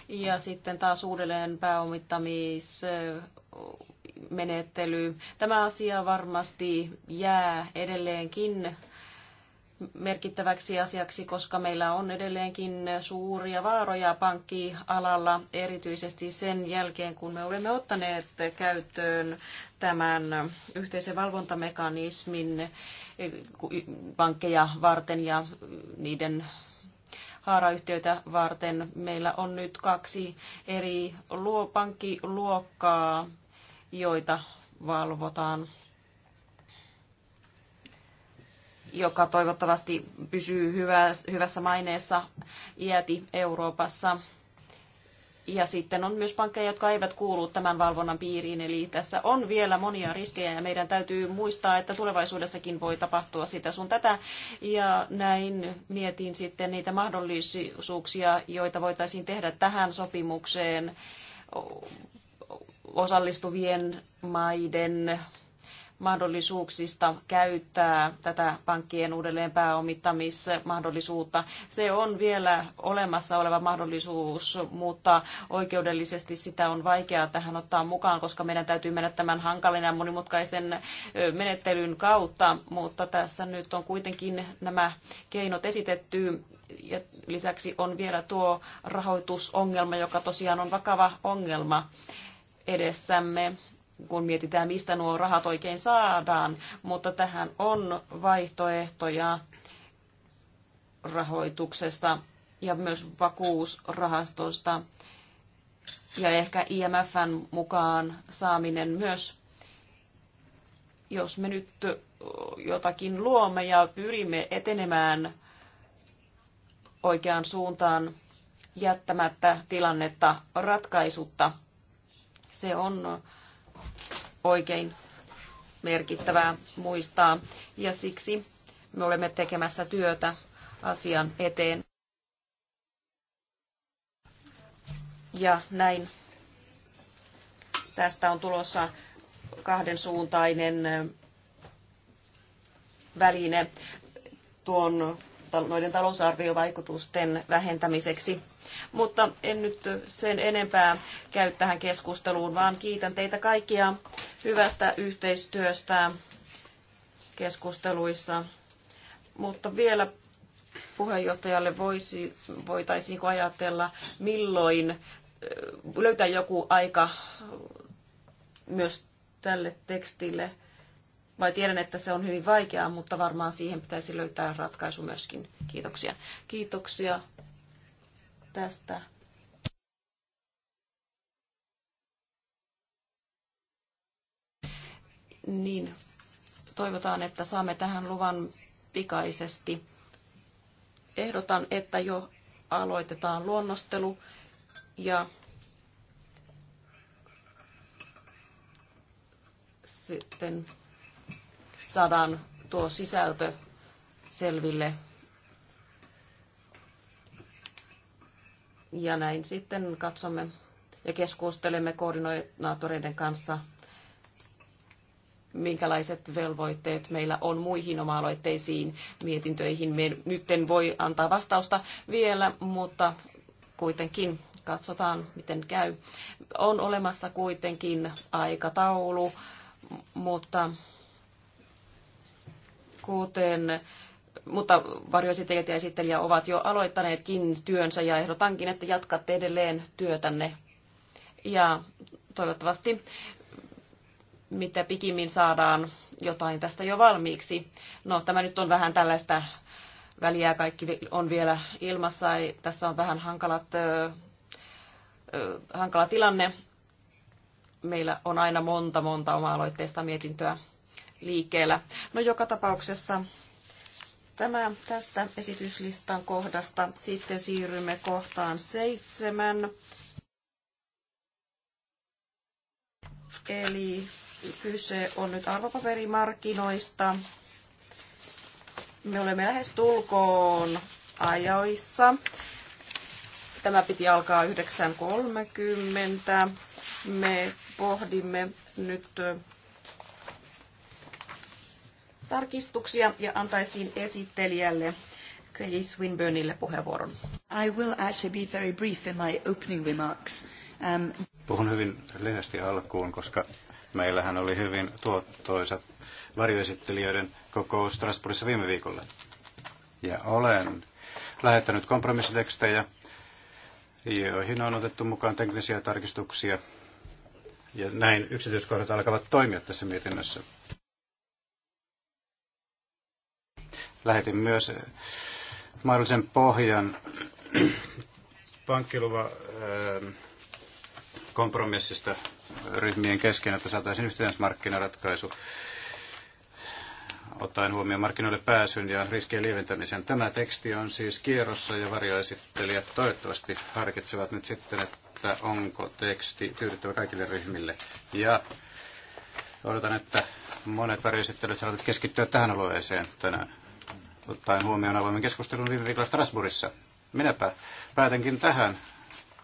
ja sitten taas uudelleen pääomittamis menettely. Tämä asia varmasti jää edelleenkin merkittäväksi asiaksi, koska meillä on edelleenkin suuria vaaroja pankkialalla, erityisesti sen jälkeen, kun me olemme ottaneet käyttöön tämän yhteisen valvontamekanismin pankkeja varten ja niiden haarayhtiöitä varten. Meillä on nyt kaksi eri luo, pankkiluokkaa, joita valvotaan joka toivottavasti pysyy hyvä, hyvässä maineessa iäti Euroopassa. Ja sitten on myös pankkeja, jotka eivät kuulu tämän valvonnan piiriin, eli tässä on vielä monia riskejä ja meidän täytyy muistaa, että tulevaisuudessakin voi tapahtua sitä sun tätä. Ja näin mietin sitten niitä mahdollisuuksia, joita voitaisiin tehdä tähän sopimukseen osallistuvien maiden mahdollisuuksista käyttää tätä pankkien uudelleen pääomittamismahdollisuutta. Se on vielä olemassa oleva mahdollisuus, mutta oikeudellisesti sitä on vaikea tähän ottaa mukaan, koska meidän täytyy mennä tämän hankalin ja monimutkaisen menettelyn kautta, mutta tässä nyt on kuitenkin nämä keinot esitetty ja lisäksi on vielä tuo rahoitusongelma, joka tosiaan on vakava ongelma edessämme kun mietitään, mistä nuo rahat oikein saadaan, mutta tähän on vaihtoehtoja rahoituksesta ja myös vakuusrahastosta ja ehkä IMFn mukaan saaminen myös. Jos me nyt jotakin luomme ja pyrimme etenemään oikeaan suuntaan jättämättä tilannetta ratkaisutta, se on oikein merkittävää muistaa. Ja siksi me olemme tekemässä työtä asian eteen. Ja näin tästä on tulossa kahden suuntainen väline tuon, noiden talousarviovaikutusten vähentämiseksi mutta en nyt sen enempää käy tähän keskusteluun, vaan kiitän teitä kaikkia hyvästä yhteistyöstä keskusteluissa. Mutta vielä puheenjohtajalle voisi, voitaisiinko ajatella, milloin löytää joku aika myös tälle tekstille, vai tiedän, että se on hyvin vaikeaa, mutta varmaan siihen pitäisi löytää ratkaisu myöskin. Kiitoksia. Kiitoksia tästä niin toivotaan, että saamme tähän luvan pikaisesti. Ehdotan, että jo aloitetaan luonnostelu ja sitten saadaan tuo sisältö selville Ja näin sitten katsomme ja keskustelemme koordinaattoreiden kanssa, minkälaiset velvoitteet meillä on muihin oma-aloitteisiin mietintöihin. Me nyt en voi antaa vastausta vielä, mutta kuitenkin katsotaan, miten käy. On olemassa kuitenkin aikataulu, mutta kuten mutta varjoesittelijät ja esittelijä ovat jo aloittaneetkin työnsä ja ehdotankin, että jatkatte edelleen työtänne. Ja toivottavasti mitä pikimmin saadaan jotain tästä jo valmiiksi. No, tämä nyt on vähän tällaista väliä, kaikki on vielä ilmassa. Tässä on vähän hankalat, ö, ö, hankala tilanne. Meillä on aina monta, monta oma-aloitteista mietintöä liikkeellä. No joka tapauksessa Tämä tästä esityslistan kohdasta. Sitten siirrymme kohtaan seitsemän. Eli kyse on nyt arvopaperimarkkinoista. Me olemme lähes tulkoon ajoissa. Tämä piti alkaa 9.30. Me pohdimme nyt tarkistuksia ja antaisin esittelijälle Kay Swinburnille puheenvuoron. I will actually be very brief in my opening remarks. Um... Puhun hyvin lyhyesti alkuun, koska meillähän oli hyvin tuottoisa varjoesittelijöiden kokous Strasbourgissa viime viikolla. Ja olen lähettänyt kompromissitekstejä, joihin on otettu mukaan teknisiä tarkistuksia. Ja näin yksityiskohdat alkavat toimia tässä mietinnössä. lähetin myös mahdollisen pohjan pankkiluva ähm, kompromissista ryhmien kesken, että saataisiin yhteismarkkinaratkaisu ottaen huomioon markkinoille pääsyn ja riskien lieventämisen. Tämä teksti on siis kierrossa ja varjoesittelijät toivottavasti harkitsevat nyt sitten, että onko teksti tyydyttävä kaikille ryhmille. Ja odotan, että monet varjoesittelyt saavat keskittyä tähän alueeseen tänään ottaen huomioon avoimen keskustelun viime viikolla Strasbourgissa. Minäpä päätänkin tähän,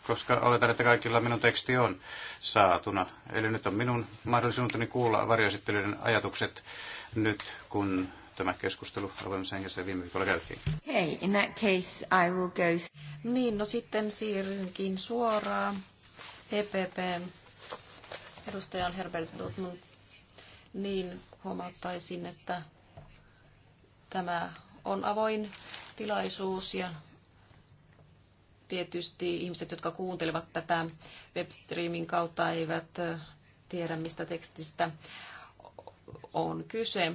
koska oletan, että kaikilla minun teksti on saatuna. Eli nyt on minun mahdollisuuteni kuulla varjoesittelyiden ajatukset nyt, kun tämä keskustelu avoimessa hengessä viime viikolla käytiin. Hei, in that case I will go... Niin, no sitten siirrynkin suoraan epp edustajan Herbert Dortmund. Niin, huomauttaisin, että tämä on avoin tilaisuus ja tietysti ihmiset, jotka kuuntelevat tätä webstreamin kautta, eivät tiedä, mistä tekstistä on kyse.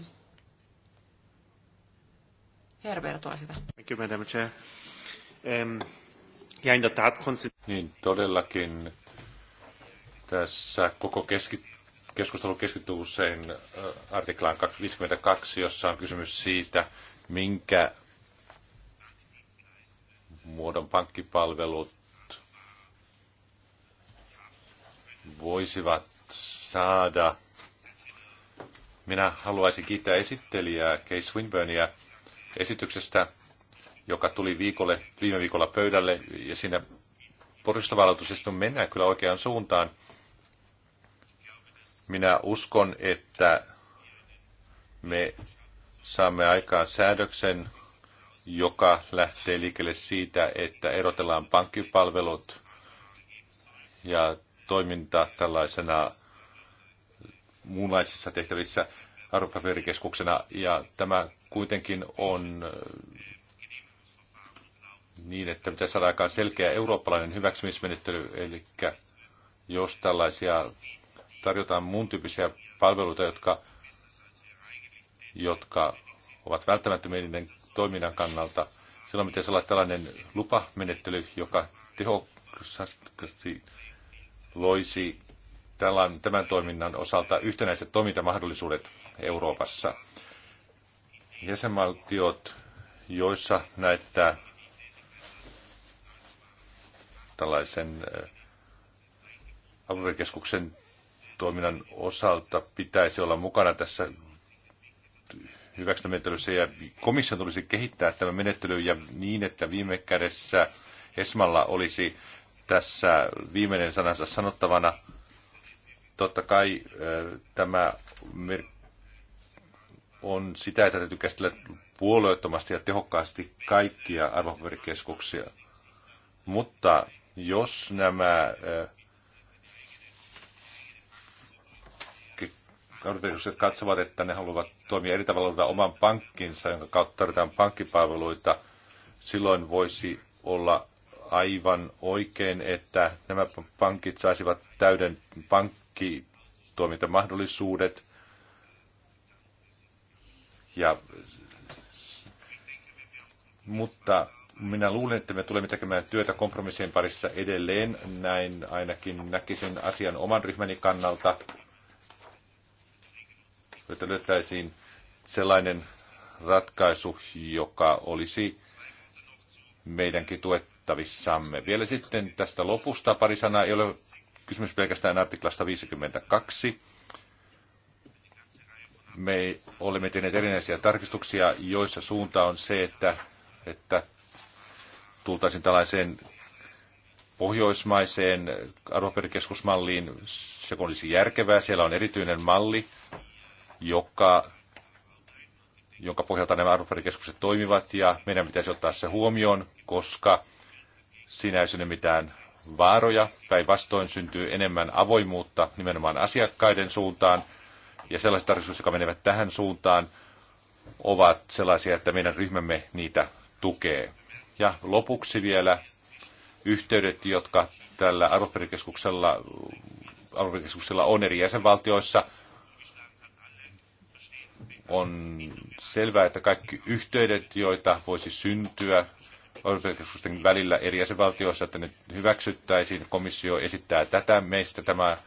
Herbert, ole hyvä. Niin, todellakin tässä koko keski, keskustelu keskittyy usein artiklaan 52, jossa on kysymys siitä, minkä muodon pankkipalvelut voisivat saada. Minä haluaisin kiittää esittelijää Case Swinburnia esityksestä, joka tuli viikolle, viime viikolla pöydälle, ja siinä poristavallatuisesti mennään kyllä oikeaan suuntaan. Minä uskon, että me saamme aikaan säädöksen, joka lähtee liikkeelle siitä, että erotellaan pankkipalvelut ja toiminta tällaisena muunlaisissa tehtävissä arvopaperikeskuksena. Ja tämä kuitenkin on äh, niin, että pitäisi saada aikaan selkeä eurooppalainen hyväksymismenettely, eli jos tällaisia tarjotaan muun tyyppisiä palveluita, jotka jotka ovat välttämättömiä niiden toiminnan kannalta. Silloin pitäisi olla tällainen lupamenettely, joka tehokkaasti loisi tämän, tämän toiminnan osalta yhtenäiset toimintamahdollisuudet Euroopassa. Jäsenvaltiot, joissa näitä tällaisen äh, aluekeskuksen toiminnan osalta pitäisi olla mukana tässä menettelyssä ja komissio tulisi kehittää tämä menettely ja niin, että viime kädessä Esmalla olisi tässä viimeinen sanansa sanottavana. Totta kai tämä on sitä, että täytyy käsitellä puolueettomasti ja tehokkaasti kaikkia arvopaperikeskuksia. Mutta jos nämä Norditukset katsovat, että ne haluavat toimia eri tavalla oman pankkinsa, jonka kautta tarvitaan pankkipalveluita, silloin voisi olla aivan oikein, että nämä pankit saisivat täyden pankkitoimintamahdollisuudet. Ja, mutta minä luulen, että me tulemme tekemään työtä kompromissien parissa edelleen. Näin ainakin näkisin asian oman ryhmäni kannalta että löytäisiin sellainen ratkaisu, joka olisi meidänkin tuettavissamme. Vielä sitten tästä lopusta pari sanaa. Ei ole kysymys pelkästään artiklasta 52. Me olemme tehneet erinäisiä tarkistuksia, joissa suunta on se, että, että tultaisiin tällaiseen pohjoismaiseen arvoperikeskusmalliin. Se olisi järkevää. Siellä on erityinen malli, joka, jonka pohjalta nämä arvopaperikeskukset toimivat, ja meidän pitäisi ottaa se huomioon, koska siinä ei synny mitään vaaroja. Päinvastoin syntyy enemmän avoimuutta nimenomaan asiakkaiden suuntaan, ja sellaiset tarkistukset, jotka menevät tähän suuntaan, ovat sellaisia, että meidän ryhmämme niitä tukee. Ja lopuksi vielä yhteydet, jotka tällä arvopaperikeskuksella, arvopaperikeskuksella on eri jäsenvaltioissa – on selvää, että kaikki yhteydet, joita voisi syntyä Euroopan välillä eri jäsenvaltioissa, että ne hyväksyttäisiin. Komissio esittää tätä meistä. Tämä,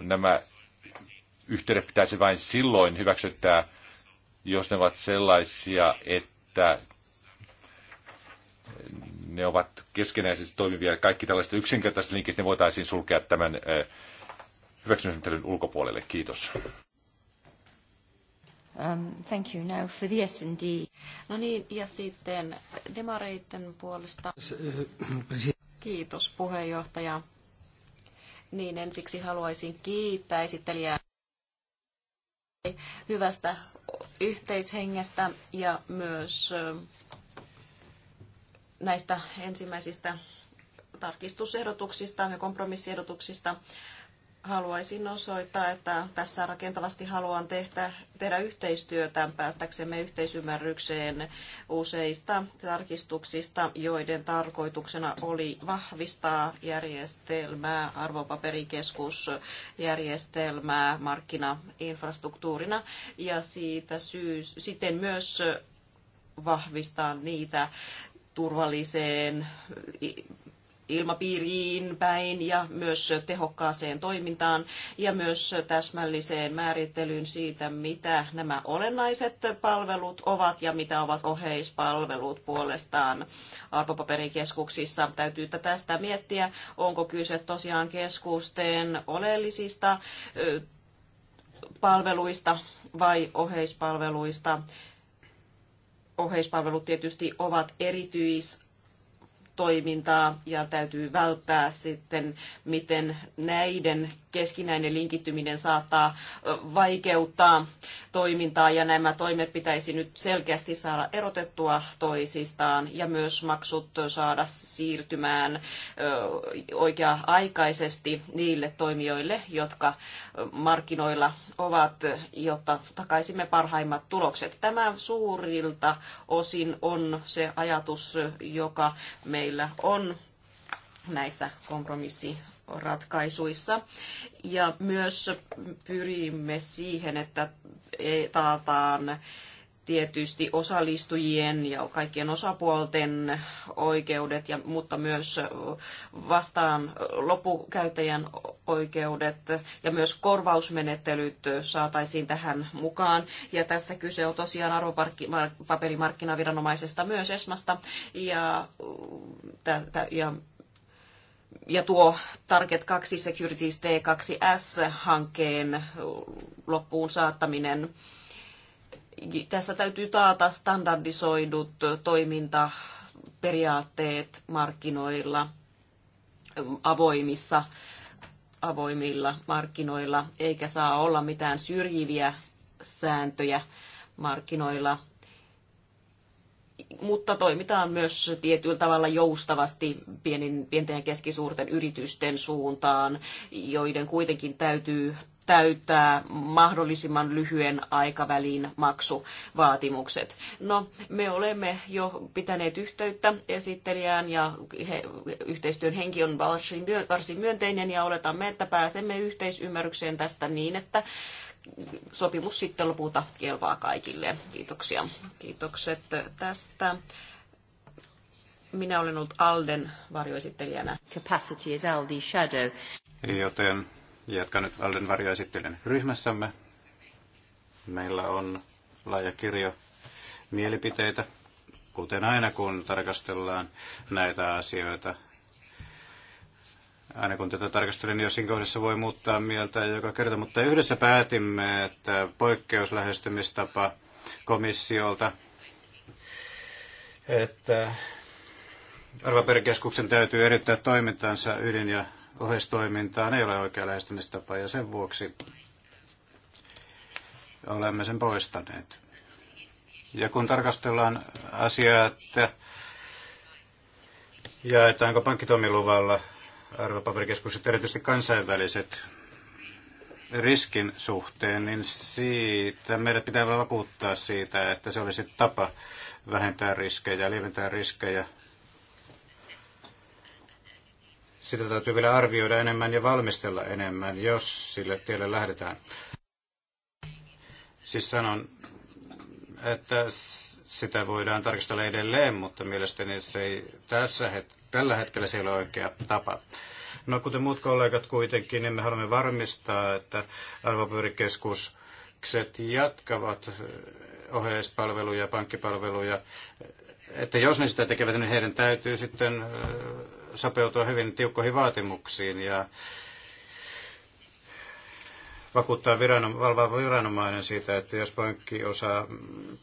nämä yhteydet pitäisi vain silloin hyväksyttää, jos ne ovat sellaisia, että ne ovat keskenäisesti toimivia. Kaikki tällaiset yksinkertaiset linkit, ne voitaisiin sulkea tämän eh, hyväksymismenettelyn ulkopuolelle. Kiitos. Um, thank you now for the S&D. No niin, ja sitten demareiden puolesta. Uh, Kiitos puheenjohtaja. Niin ensiksi haluaisin kiittää esittelijää hyvästä yhteishengestä ja myös äh, näistä ensimmäisistä tarkistusehdotuksista ja kompromissiehdotuksista haluaisin osoittaa, että tässä rakentavasti haluan tehdä, tehdä yhteistyötä päästäksemme yhteisymmärrykseen useista tarkistuksista, joiden tarkoituksena oli vahvistaa järjestelmää, arvopaperikeskusjärjestelmää markkinainfrastruktuurina ja siitä syys, siten myös vahvistaa niitä turvalliseen ilmapiiriin päin ja myös tehokkaaseen toimintaan ja myös täsmälliseen määrittelyyn siitä, mitä nämä olennaiset palvelut ovat ja mitä ovat oheispalvelut puolestaan arvopaperikeskuksissa. Täytyy tästä miettiä, onko kyse tosiaan keskusten oleellisista palveluista vai oheispalveluista oheispalvelut tietysti ovat erityis toimintaa ja täytyy välttää sitten, miten näiden keskinäinen linkittyminen saattaa vaikeuttaa toimintaa ja nämä toimet pitäisi nyt selkeästi saada erotettua toisistaan ja myös maksut saada siirtymään oikea-aikaisesti niille toimijoille, jotka markkinoilla ovat, jotta takaisimme parhaimmat tulokset. Tämä suurilta osin on se ajatus, joka meillä on näissä kompromissiratkaisuissa. Ja myös pyrimme siihen, että taataan tietysti osallistujien ja kaikkien osapuolten oikeudet, ja, mutta myös vastaan lopukäyttäjän oikeudet ja myös korvausmenettelyt saataisiin tähän mukaan. Ja tässä kyse on tosiaan arvopaperimarkkinaviranomaisesta myös ESMasta ja, ja ja tuo Target 2 Securities T2S-hankkeen loppuun saattaminen. Tässä täytyy taata standardisoidut toimintaperiaatteet markkinoilla, avoimissa, avoimilla markkinoilla, eikä saa olla mitään syrjiviä sääntöjä markkinoilla mutta toimitaan myös tietyllä tavalla joustavasti pienin, pienten ja keskisuurten yritysten suuntaan, joiden kuitenkin täytyy täyttää mahdollisimman lyhyen aikavälin maksuvaatimukset. No, me olemme jo pitäneet yhteyttä esittelijään ja he, yhteistyön henki on varsin, varsin myönteinen ja oletamme, että pääsemme yhteisymmärrykseen tästä niin, että sopimus sitten lopulta kelpaa kaikille. Kiitoksia. Kiitokset tästä. Minä olen ollut Alden varjoesittelijänä. Capacity is Aldi Shadow. Joten jatkan nyt Alden varjoesittelijän ryhmässämme. Meillä on laaja kirjo mielipiteitä, kuten aina kun tarkastellaan näitä asioita aina kun tätä tarkastelin, niin jossain kohdassa voi muuttaa mieltä joka kerta, mutta yhdessä päätimme, että poikkeuslähestymistapa komissiolta, että arvaperikeskuksen täytyy erittää toimintansa ydin- ja oheistoimintaan, ei ole oikea lähestymistapa ja sen vuoksi olemme sen poistaneet. Ja kun tarkastellaan asiaa, että jaetaanko pankkitoimiluvalla arvopaperikeskukset, erityisesti kansainväliset riskin suhteen, niin siitä meidät pitää vakuuttaa siitä, että se olisi tapa vähentää riskejä, lieventää riskejä. Sitä täytyy vielä arvioida enemmän ja valmistella enemmän, jos sille tielle lähdetään. Siis sanon, että sitä voidaan tarkistella edelleen, mutta mielestäni se ei tässä hetkessä Tällä hetkellä se ei ole oikea tapa. No kuten muut kollegat kuitenkin, niin me haluamme varmistaa, että arvopyörikeskukset jatkavat eh, oheispalveluja, pankkipalveluja. Että jos ne sitä tekevät, niin heidän täytyy sitten eh, sopeutua hyvin tiukkoihin vaatimuksiin ja vakuuttaa viranom- valvaava viranomainen siitä, että jos pankki osaa mm,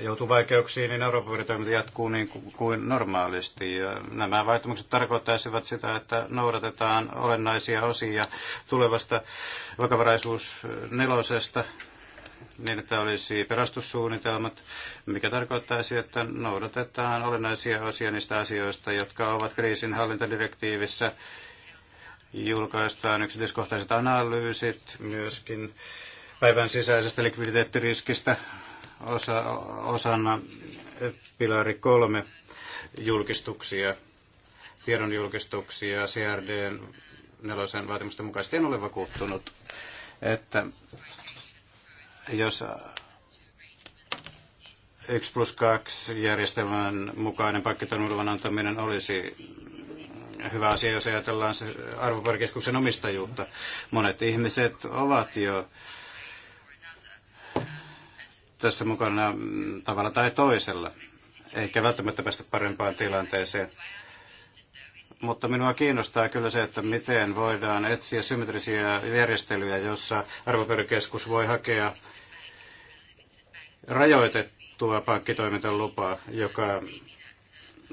joutuu vaikeuksiin, niin Euroopan veritoiminta jatkuu niin kuin normaalisti. Ja nämä vaihtumukset tarkoittaisivat sitä, että noudatetaan olennaisia osia tulevasta vakavaraisuus nelosesta, niin että olisi perastussuunnitelmat, mikä tarkoittaisi, että noudatetaan olennaisia osia niistä asioista, jotka ovat kriisinhallintadirektiivissä. Julkaistaan yksityiskohtaiset analyysit myöskin päivän sisäisestä likviditeettiriskistä, osa, osana pilari kolme julkistuksia, tiedon julkistuksia CRD nelosen vaatimusten mukaisesti. En ole vakuuttunut, että jos 1 plus 2 järjestelmän mukainen pankkitoimiluvan antaminen olisi hyvä asia, jos ajatellaan se arvoparikeskuksen omistajuutta. Monet ihmiset ovat jo tässä mukana tavalla tai toisella, eikä välttämättä päästä parempaan tilanteeseen. Mutta minua kiinnostaa kyllä se, että miten voidaan etsiä symmetrisiä järjestelyjä, jossa arvopaperikeskus voi hakea rajoitettua lupaa, joka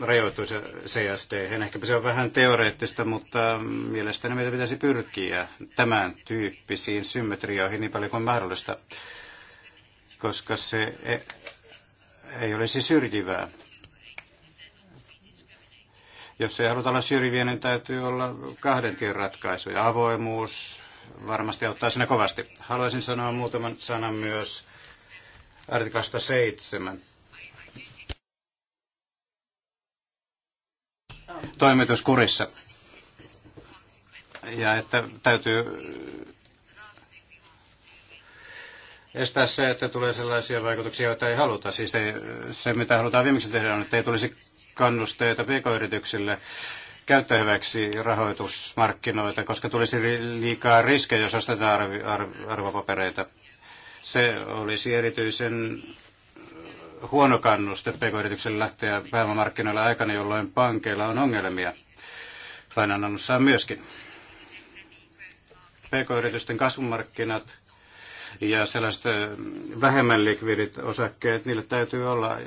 rajoittuisi CST. Ehkäpä se on vähän teoreettista, mutta mielestäni meidän pitäisi pyrkiä tämän tyyppisiin symmetrioihin niin paljon kuin mahdollista koska se e, ei olisi syrjivää. Jos ei haluta olla syrjiviä, niin täytyy olla kahden tien Ja Avoimuus varmasti auttaa sinne kovasti. Haluaisin sanoa muutaman sanan myös artiklasta 7. Toimituskurissa. Ja että täytyy estää se, että tulee sellaisia vaikutuksia, joita ei haluta. Siis ei, se, mitä halutaan viimeksi tehdä, on, että ei tulisi kannusteita pk-yrityksille käyttää hyväksi rahoitusmarkkinoita, koska tulisi liikaa riskejä, jos ostetaan arv, arv, arvopapereita. Se olisi erityisen huono kannuste pk-yritykselle lähteä pääomamarkkinoille aikana, jolloin pankeilla on ongelmia lainanannossaan myöskin. PK-yritysten kasvumarkkinat ja sellaiset vähemmän likvidit osakkeet, niille täytyy olla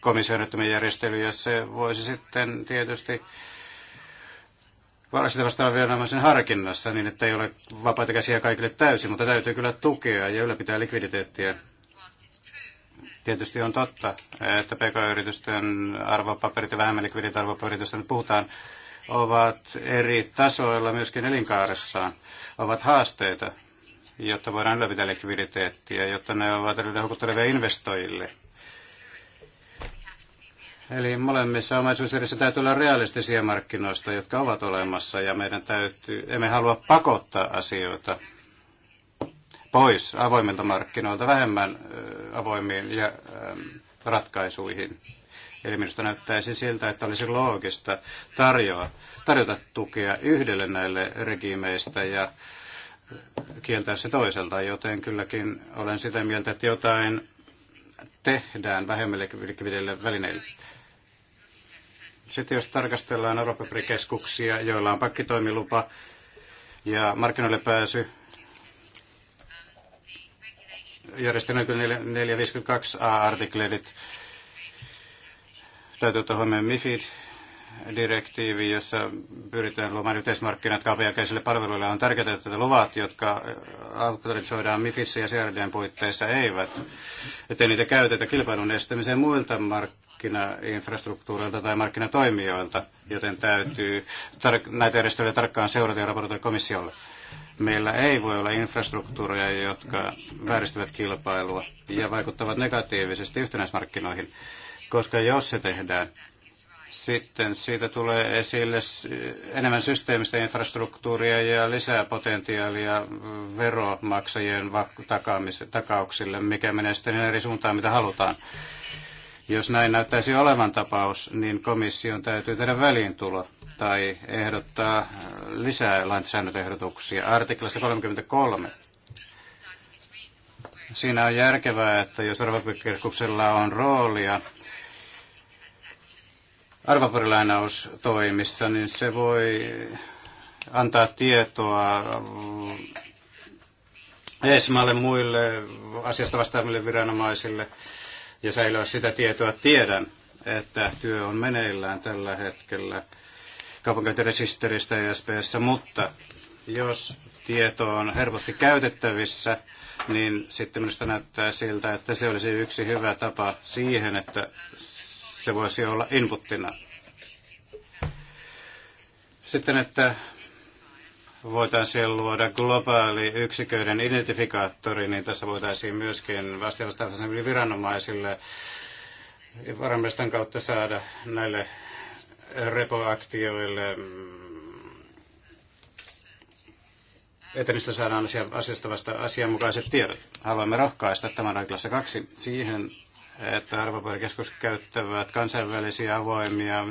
komissioinnittomia järjestelyjä. Se voisi sitten tietysti sitä vastaavan viranomaisen harkinnassa niin, että ei ole vapaita käsiä kaikille täysin, mutta täytyy kyllä tukea ja ylläpitää likviditeettiä. Tietysti on totta, että pk-yritysten arvopaperit ja vähemmän likvidit arvopaperit, nyt puhutaan, ovat eri tasoilla myöskin elinkaaressaan, ovat haasteita jotta voidaan ylläpitää likviditeettiä, jotta ne ovat edelleen houkuttelevia investoijille. Eli molemmissa omaisuuserissä täytyy olla realistisia markkinoista, jotka ovat olemassa, ja meidän täytyy, emme halua pakottaa asioita pois avoimilta markkinoilta vähemmän avoimiin ja ratkaisuihin. Eli minusta näyttäisi siltä, että olisi loogista tarjota tukea yhdelle näille regiimeistä ja kieltää se toiselta, joten kylläkin olen sitä mieltä, että jotain tehdään vähemmille likviditeille välineille. Sitten jos tarkastellaan Eurooppa-keskuksia, joilla on pakkitoimilupa ja markkinoille pääsy, järjestelmä 452a-artikleidit, täytyy tuohon meidän MIFID direktiivi, jossa pyritään luomaan yhteismarkkinat kaupanjälkeisille palveluille. On tärkeää, että luvat, jotka autorisoidaan MIFIS ja CRDn puitteissa, eivät, ettei niitä käytetä kilpailun estämiseen muilta markkinainfrastruktuurilta tai markkinatoimijoilta, joten täytyy tar- näitä järjestelyjä tarkkaan seurata ja raportoida komissiolle. Meillä ei voi olla infrastruktuureja, jotka vääristyvät kilpailua ja vaikuttavat negatiivisesti yhtenäismarkkinoihin, koska jos se tehdään, sitten siitä tulee esille enemmän systeemistä infrastruktuuria ja lisää potentiaalia veromaksajien takauksille, mikä menee sitten eri suuntaan, mitä halutaan. Jos näin näyttäisi olevan tapaus, niin komission täytyy tehdä väliintulo tai ehdottaa lisää lainsäädäntöehdotuksia. Artiklasta 33 siinä on järkevää, että jos arvopirkkuksella on roolia arvopaperilainaustoimissa, niin se voi antaa tietoa ESMAlle, muille asiasta vastaaville viranomaisille ja säilyä sitä tietoa. Tiedän, että työ on meneillään tällä hetkellä ja ESPssä, mutta jos tieto on helposti käytettävissä, niin sitten minusta näyttää siltä, että se olisi yksi hyvä tapa siihen, että se voisi olla inputtina. Sitten, että voitaisiin luoda globaali yksiköiden identifikaattori, niin tässä voitaisiin myöskin vastaanottavaisen viranomaisille varmistan kautta saada näille repoaktioille etenistä saadaan asiasta vasta asianmukaiset tiedot. Haluamme rohkaista tämän artiklassa kaksi siihen, että arvopaperikeskus käyttävät kansainvälisiä avoimia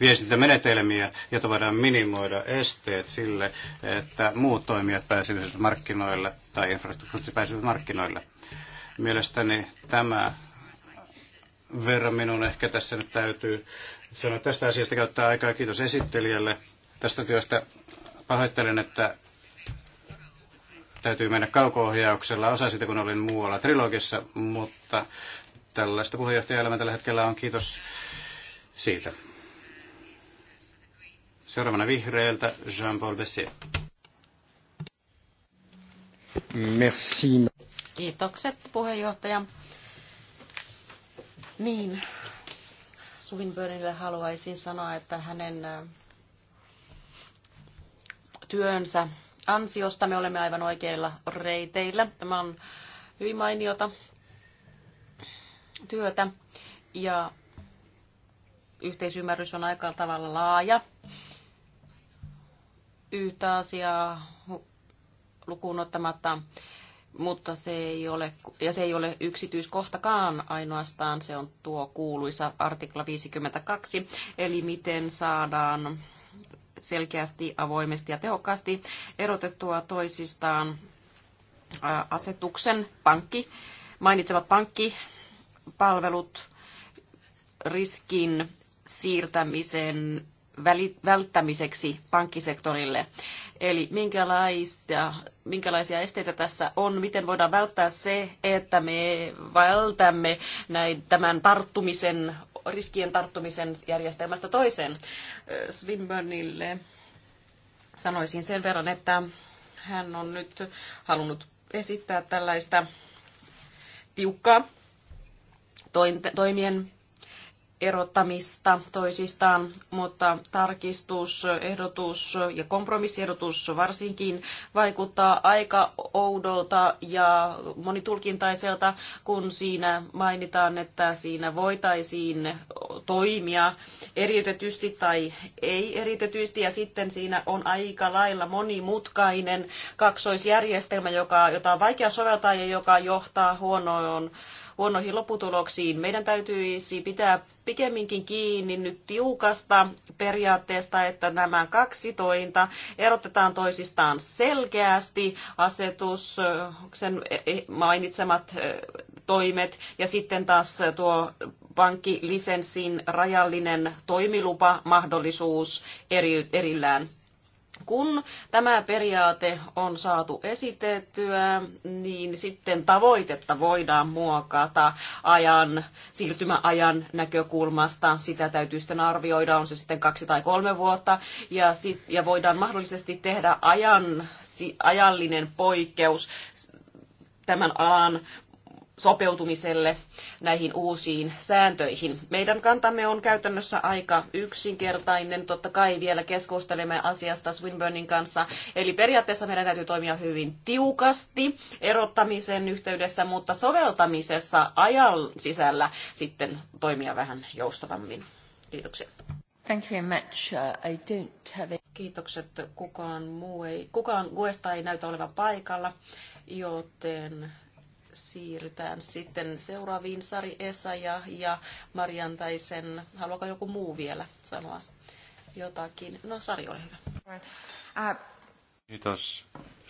viestintämenetelmiä, jotta voidaan minimoida esteet sille, että muut toimijat pääsisivät markkinoille tai infrastruktuuri pääsisivät markkinoille. Mielestäni tämä verran minun ehkä tässä nyt täytyy sanoa tästä asiasta käyttää aikaa. Kiitos esittelijälle tästä työstä. Pahoittelen, että täytyy mennä kaukoohjauksella. Osa siitä, kun olin muualla trilogissa, mutta Tällaista puheenjohtajaelämää tällä hetkellä on. Kiitos siitä. Seuraavana vihreältä Jean-Paul Bessier. Merci. Kiitokset puheenjohtaja. Niin, Swinburnille haluaisin sanoa, että hänen äh, työnsä ansiosta me olemme aivan oikeilla reiteillä. Tämä on hyvin mainiota työtä ja yhteisymmärrys on aika tavalla laaja. Yhtä asiaa lukuun ottamatta, mutta se ei ole, ja se ei ole yksityiskohtakaan ainoastaan, se on tuo kuuluisa artikla 52, eli miten saadaan selkeästi, avoimesti ja tehokkaasti erotettua toisistaan asetuksen pankki, mainitsevat pankki palvelut riskin siirtämisen välttämiseksi pankkisektorille. Eli minkälaisia, minkälaisia esteitä tässä on, miten voidaan välttää se, että me vältämme näin, tämän tarttumisen, riskien tarttumisen järjestelmästä toiseen. Swinburnille sanoisin sen verran, että hän on nyt halunnut esittää tällaista tiukkaa toimien erottamista toisistaan, mutta tarkistus, ehdotus ja kompromissiehdotus varsinkin vaikuttaa aika oudolta ja monitulkintaiselta, kun siinä mainitaan, että siinä voitaisiin toimia eriytetysti tai ei eriytetysti, ja sitten siinä on aika lailla monimutkainen kaksoisjärjestelmä, joka, jota on vaikea soveltaa ja joka johtaa huonoon huonoihin lopputuloksiin. Meidän täytyisi pitää pikemminkin kiinni nyt tiukasta periaatteesta, että nämä kaksi tointa erotetaan toisistaan selkeästi asetuksen mainitsemat toimet ja sitten taas tuo pankkilisenssin rajallinen toimilupamahdollisuus eri, erillään. Kun tämä periaate on saatu esitettyä, niin sitten tavoitetta voidaan muokata ajan, siirtymäajan näkökulmasta. Sitä täytyy sitten arvioida, on se sitten kaksi tai kolme vuotta. Ja, sit, ja voidaan mahdollisesti tehdä ajan, ajallinen poikkeus tämän alan sopeutumiselle näihin uusiin sääntöihin. Meidän kantamme on käytännössä aika yksinkertainen. Totta kai vielä keskustelemme asiasta Swinburnin kanssa. Eli periaatteessa meidän täytyy toimia hyvin tiukasti erottamisen yhteydessä, mutta soveltamisessa ajan sisällä sitten toimia vähän joustavammin. Kiitoksia. Thank you very much. Uh, I don't have Kiitokset. Kukaan muu ei, kukaan Guesta ei näytä olevan paikalla, joten siirrytään sitten seuraaviin Sari Esa ja, ja Marjantaisen. Haluaako joku muu vielä sanoa jotakin? No Sari, ole hyvä. Kiitos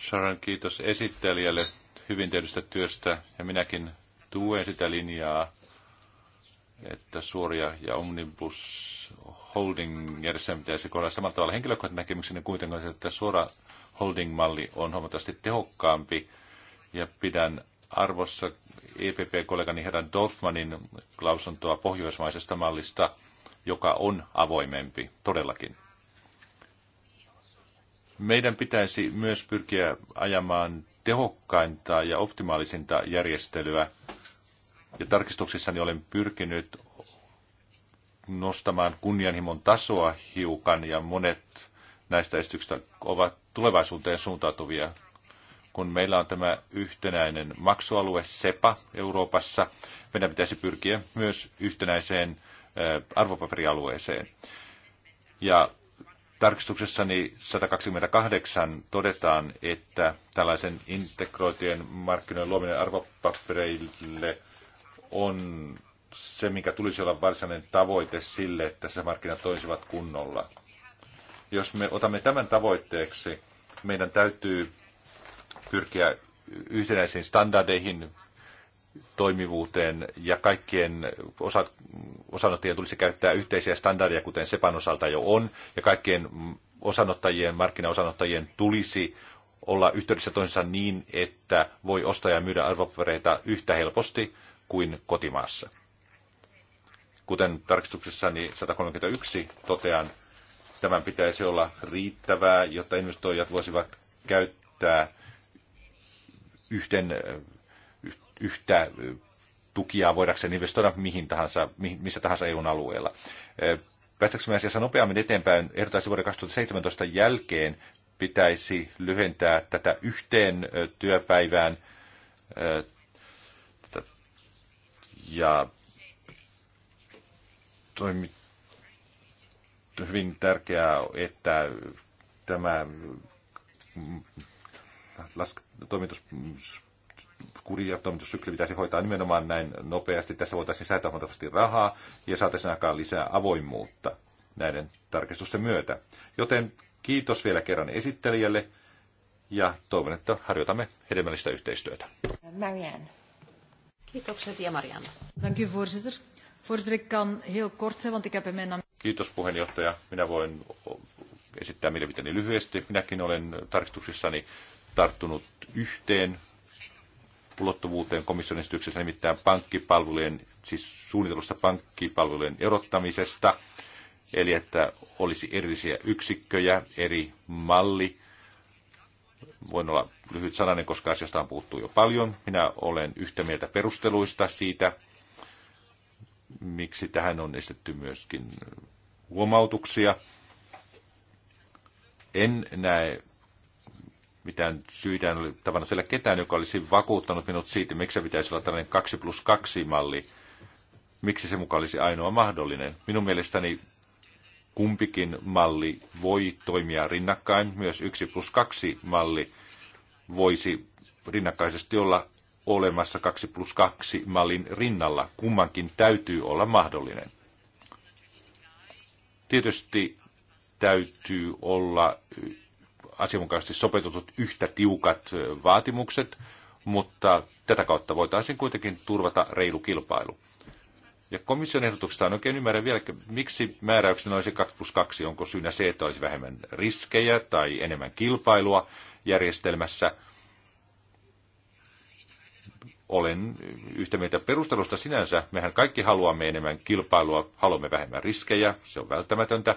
Sharon, kiitos esittelijälle hyvin tehdystä työstä ja minäkin tuen sitä linjaa, että suoria ja omnibus holding järjestelmä pitäisi kohdella samalla tavalla. Henkilökohtainen näkemykseni kuitenkin, että suora holding-malli on huomattavasti tehokkaampi ja pidän arvossa EPP-kollegani herran Dorfmanin lausuntoa pohjoismaisesta mallista, joka on avoimempi todellakin. Meidän pitäisi myös pyrkiä ajamaan tehokkainta ja optimaalisinta järjestelyä. Ja tarkistuksissani olen pyrkinyt nostamaan kunnianhimon tasoa hiukan ja monet näistä esityksistä ovat tulevaisuuteen suuntautuvia kun meillä on tämä yhtenäinen maksualue SEPA Euroopassa, meidän pitäisi pyrkiä myös yhtenäiseen arvopaperialueeseen. Ja tarkistuksessani 128 todetaan, että tällaisen integroitujen markkinoiden luominen arvopapereille on se, mikä tulisi olla varsinainen tavoite sille, että se markkinat toisivat kunnolla. Jos me otamme tämän tavoitteeksi, meidän täytyy pyrkiä yhtenäisiin standardeihin, toimivuuteen ja kaikkien osa, osanottajien tulisi käyttää yhteisiä standardeja, kuten SEPAN osalta jo on, ja kaikkien osanottajien, markkinaosanottajien tulisi olla yhteydessä toisensa niin, että voi ostaa ja myydä arvopapereita yhtä helposti kuin kotimaassa. Kuten tarkistuksessani 131 totean, tämän pitäisi olla riittävää, jotta investoijat voisivat käyttää yhden, yhtä tukia voidakseen investoida mihin tahansa, missä tahansa EUn alueella. Päästäksemme asiassa nopeammin eteenpäin, ehdotaisi vuoden 2017 jälkeen pitäisi lyhentää tätä yhteen työpäivään ja toimi, hyvin tärkeää, että tämä lask- toimitus kuri ja toimitussykli pitäisi hoitaa nimenomaan näin nopeasti. Tässä voitaisiin säätää huomattavasti rahaa ja saataisiin aikaan lisää avoimuutta näiden tarkistusten myötä. Joten kiitos vielä kerran esittelijälle ja toivon, että harjoitamme hedelmällistä yhteistyötä. Marianne. Kiitokset ja Marianne. voorzitter. Voorzitter, kan heel kort zijn, want ik heb mijn... Kiitos puheenjohtaja. Minä voin esittää mielipiteeni lyhyesti. Minäkin olen tarkistuksissani tarttunut yhteen ulottuvuuteen komission esityksessä, nimittäin pankkipalvelujen, siis suunnitelusta pankkipalvelujen erottamisesta, eli että olisi erillisiä yksikköjä, eri malli. Voin olla lyhyt sananen, koska asiasta on puhuttu jo paljon. Minä olen yhtä mieltä perusteluista siitä, miksi tähän on estetty myöskin huomautuksia. En näe mitään syytä, en ole tavannut siellä ketään, joka olisi vakuuttanut minut siitä, miksi pitäisi olla tällainen 2 plus 2 malli. Miksi se mukaan olisi ainoa mahdollinen? Minun mielestäni kumpikin malli voi toimia rinnakkain. Myös 1 plus 2 malli voisi rinnakkaisesti olla olemassa 2 plus 2 mallin rinnalla. Kummankin täytyy olla mahdollinen. Tietysti täytyy olla asianmukaisesti sopetutut yhtä tiukat vaatimukset, mutta tätä kautta voitaisiin kuitenkin turvata reilu kilpailu. Ja komission ehdotuksesta on oikein ymmärrä vielä, miksi määräyksenä olisi 2 plus 2, onko syynä se, että olisi vähemmän riskejä tai enemmän kilpailua järjestelmässä. Olen yhtä mieltä perustelusta sinänsä. Mehän kaikki haluamme enemmän kilpailua, haluamme vähemmän riskejä, se on välttämätöntä,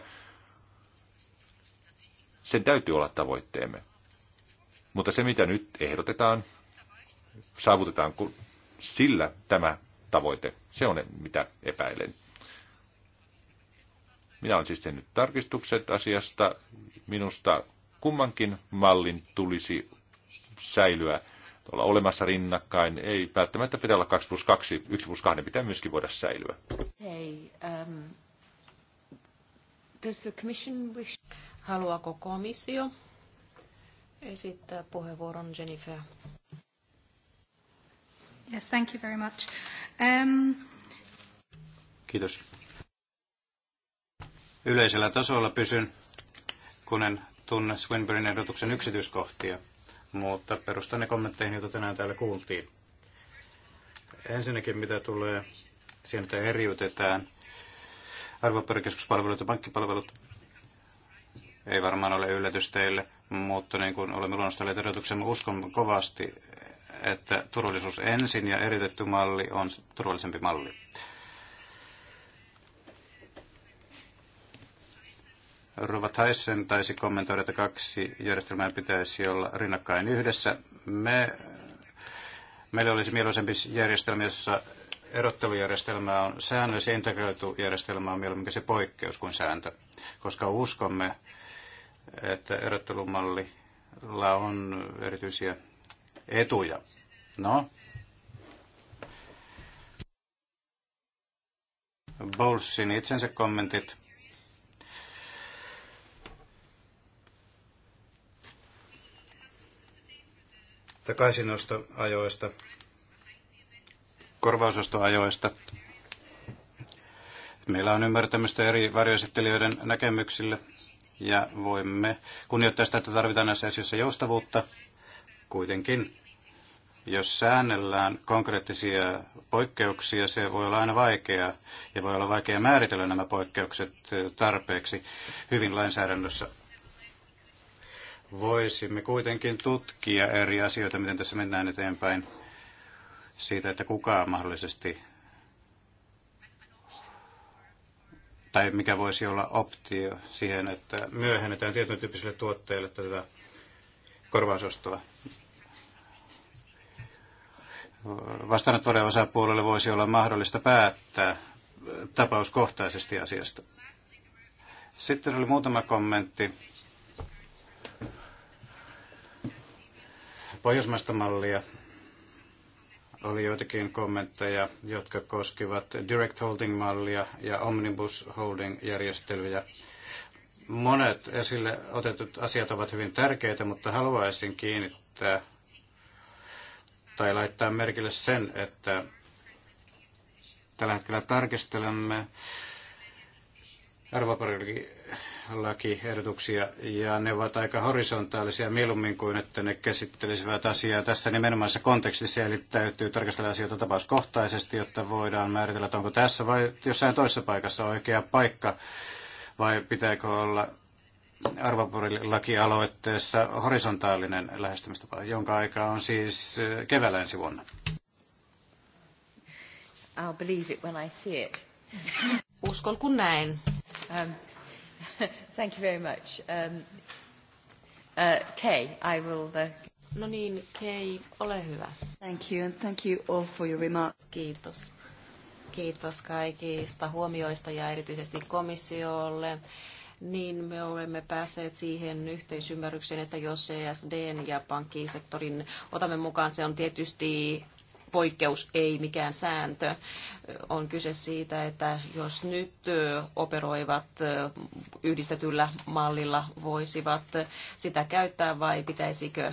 sen täytyy olla tavoitteemme. Mutta se, mitä nyt ehdotetaan, saavutetaan sillä tämä tavoite. Se on, mitä epäilen. Minä olen siis tehnyt tarkistukset asiasta. Minusta kummankin mallin tulisi säilyä olla olemassa rinnakkain. Ei välttämättä pidä olla 2 plus 2, 1 plus 2 pitää myöskin voida säilyä. Hey, um, does the commission wish... Haluaako komissio esittää puheenvuoron Jennifer? Yes, thank you very much. Um... Kiitos. Yleisellä tasolla pysyn, kun en tunne Swinburnin ehdotuksen yksityiskohtia, mutta perustan ne kommentteihin, joita tänään täällä kuultiin. Ensinnäkin mitä tulee siihen, että eriytetään arvopaperikeskuspalvelut ja pankkipalvelut, ei varmaan ole yllätys teille, mutta niin kuin olemme luonnostaneet erotuksemme, uskon kovasti, että turvallisuus ensin ja eritetty malli on turvallisempi malli. Rova Tyson taisi kommentoida, että kaksi järjestelmää pitäisi olla rinnakkain yhdessä. Me, meillä olisi mieluisempi järjestelmä, jossa erottelujärjestelmä on säännöllisesti integroitu järjestelmä on mieluummin se poikkeus kuin sääntö, koska uskomme, että erottelumallilla on erityisiä etuja. No, Bowlesin itsensä kommentit. Takaisinostoajoista, korvausostoajoista. Meillä on ymmärtämystä eri varjoesittelijöiden näkemyksille ja voimme kunnioittaa sitä, että tarvitaan näissä asioissa joustavuutta. Kuitenkin, jos säännellään konkreettisia poikkeuksia, se voi olla aina vaikeaa ja voi olla vaikea määritellä nämä poikkeukset tarpeeksi hyvin lainsäädännössä. Voisimme kuitenkin tutkia eri asioita, miten tässä mennään eteenpäin siitä, että kuka mahdollisesti tai mikä voisi olla optio siihen, että myöhennetään tietyn tyyppisille tuotteille tätä korvausostoa. Vastaanottavuuden osapuolelle voisi olla mahdollista päättää tapauskohtaisesti asiasta. Sitten oli muutama kommentti pohjoismaista mallia oli joitakin kommentteja, jotka koskivat direct holding-mallia ja omnibus holding-järjestelyjä. Monet esille otetut asiat ovat hyvin tärkeitä, mutta haluaisin kiinnittää tai laittaa merkille sen, että tällä hetkellä tarkistelemme arvopaperikysymyksiä lakiehdotuksia ja ne ovat aika horisontaalisia mieluummin kuin että ne käsittelisivät asiaa tässä nimenomaisessa kontekstissa. Eli täytyy tarkastella asioita tapauskohtaisesti, jotta voidaan määritellä, että onko tässä vai jossain toisessa paikassa oikea paikka vai pitääkö olla arvopurilakialoitteessa horisontaalinen lähestymistapa, jonka aika on siis eh, keväällä ensi vuonna. I'll believe it when I see it. Uskon kun näen. Um, Thank you very much. Um, uh, Kay, I will... Uh... No niin, Kay, ole hyvä. Thank you and thank you all for your remark. Kiitos. Kiitos kaikista huomioista ja erityisesti komissiolle niin me olemme päässeet siihen yhteisymmärrykseen, että jos ESD:n ja pankkisektorin otamme mukaan, se on tietysti poikkeus, ei mikään sääntö. On kyse siitä, että jos nyt operoivat yhdistetyllä mallilla, voisivat sitä käyttää vai pitäisikö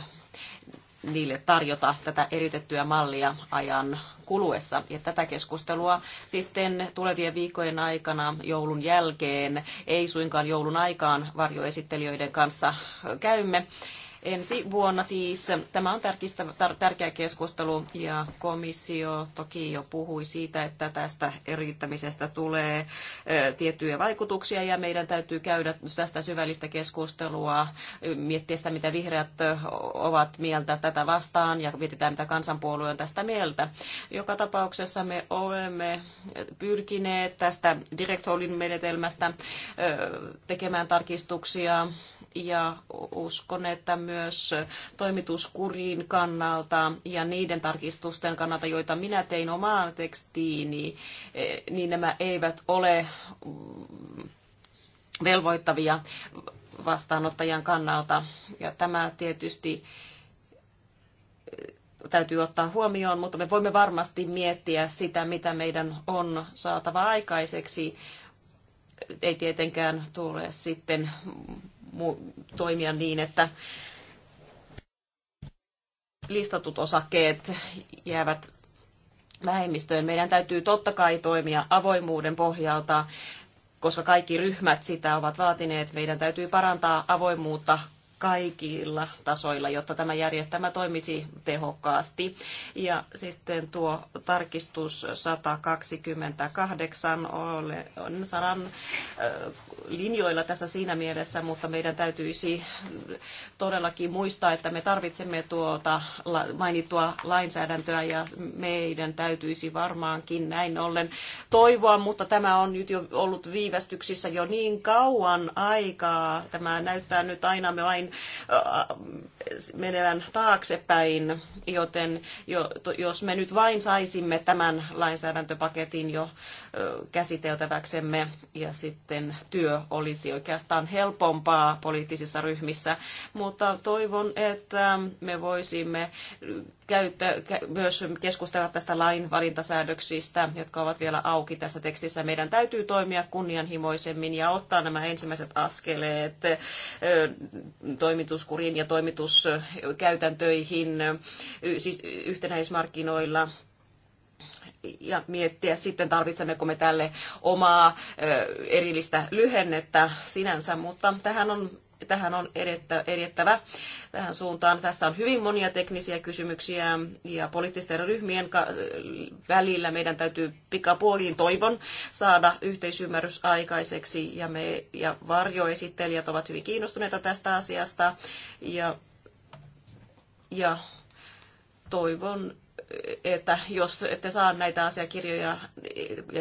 niille tarjota tätä eriytettyä mallia ajan kuluessa. Ja tätä keskustelua sitten tulevien viikkojen aikana joulun jälkeen, ei suinkaan joulun aikaan varjoesittelijöiden kanssa käymme ensi vuonna siis. Tämä on tärkeä keskustelu ja komissio toki jo puhui siitä, että tästä eriyttämisestä tulee tiettyjä vaikutuksia ja meidän täytyy käydä tästä syvällistä keskustelua, miettiä sitä, mitä vihreät ovat mieltä tätä vastaan ja mietitään, mitä kansanpuolue on tästä mieltä. Joka tapauksessa me olemme pyrkineet tästä direktoolin menetelmästä tekemään tarkistuksia ja uskon, että myös toimituskurin kannalta ja niiden tarkistusten kannalta, joita minä tein omaan tekstiini, niin nämä eivät ole velvoittavia vastaanottajan kannalta. Ja tämä tietysti täytyy ottaa huomioon, mutta me voimme varmasti miettiä sitä, mitä meidän on saatava aikaiseksi. Ei tietenkään tule sitten toimia niin, että listatut osakkeet jäävät vähemmistöön. Meidän täytyy totta kai toimia avoimuuden pohjalta, koska kaikki ryhmät sitä ovat vaatineet. Meidän täytyy parantaa avoimuutta kaikilla tasoilla, jotta tämä järjestelmä toimisi tehokkaasti. Ja sitten tuo tarkistus 128 on sanan linjoilla tässä siinä mielessä, mutta meidän täytyisi todellakin muistaa, että me tarvitsemme tuota mainittua lainsäädäntöä ja meidän täytyisi varmaankin näin ollen toivoa, mutta tämä on nyt jo ollut viivästyksissä jo niin kauan aikaa. Tämä näyttää nyt aina me vain menevän taaksepäin, joten jos me nyt vain saisimme tämän lainsäädäntöpaketin jo käsiteltäväksemme ja sitten työ olisi oikeastaan helpompaa poliittisissa ryhmissä, mutta toivon, että me voisimme käyttä, myös keskustella tästä lain valintasäädöksistä, jotka ovat vielä auki tässä tekstissä. Meidän täytyy toimia kunnianhimoisemmin ja ottaa nämä ensimmäiset askeleet toimituskuriin ja toimituskäytäntöihin siis yhtenäismarkkinoilla ja miettiä sitten tarvitsemmeko me tälle omaa erillistä lyhennettä sinänsä, mutta tähän on tähän on edettä, edettävä tähän suuntaan. Tässä on hyvin monia teknisiä kysymyksiä ja poliittisten ryhmien välillä meidän täytyy pikapuoliin toivon saada yhteisymmärrys aikaiseksi ja, me, ja varjoesittelijät ovat hyvin kiinnostuneita tästä asiasta ja, ja toivon, että jos ette saa näitä asiakirjoja,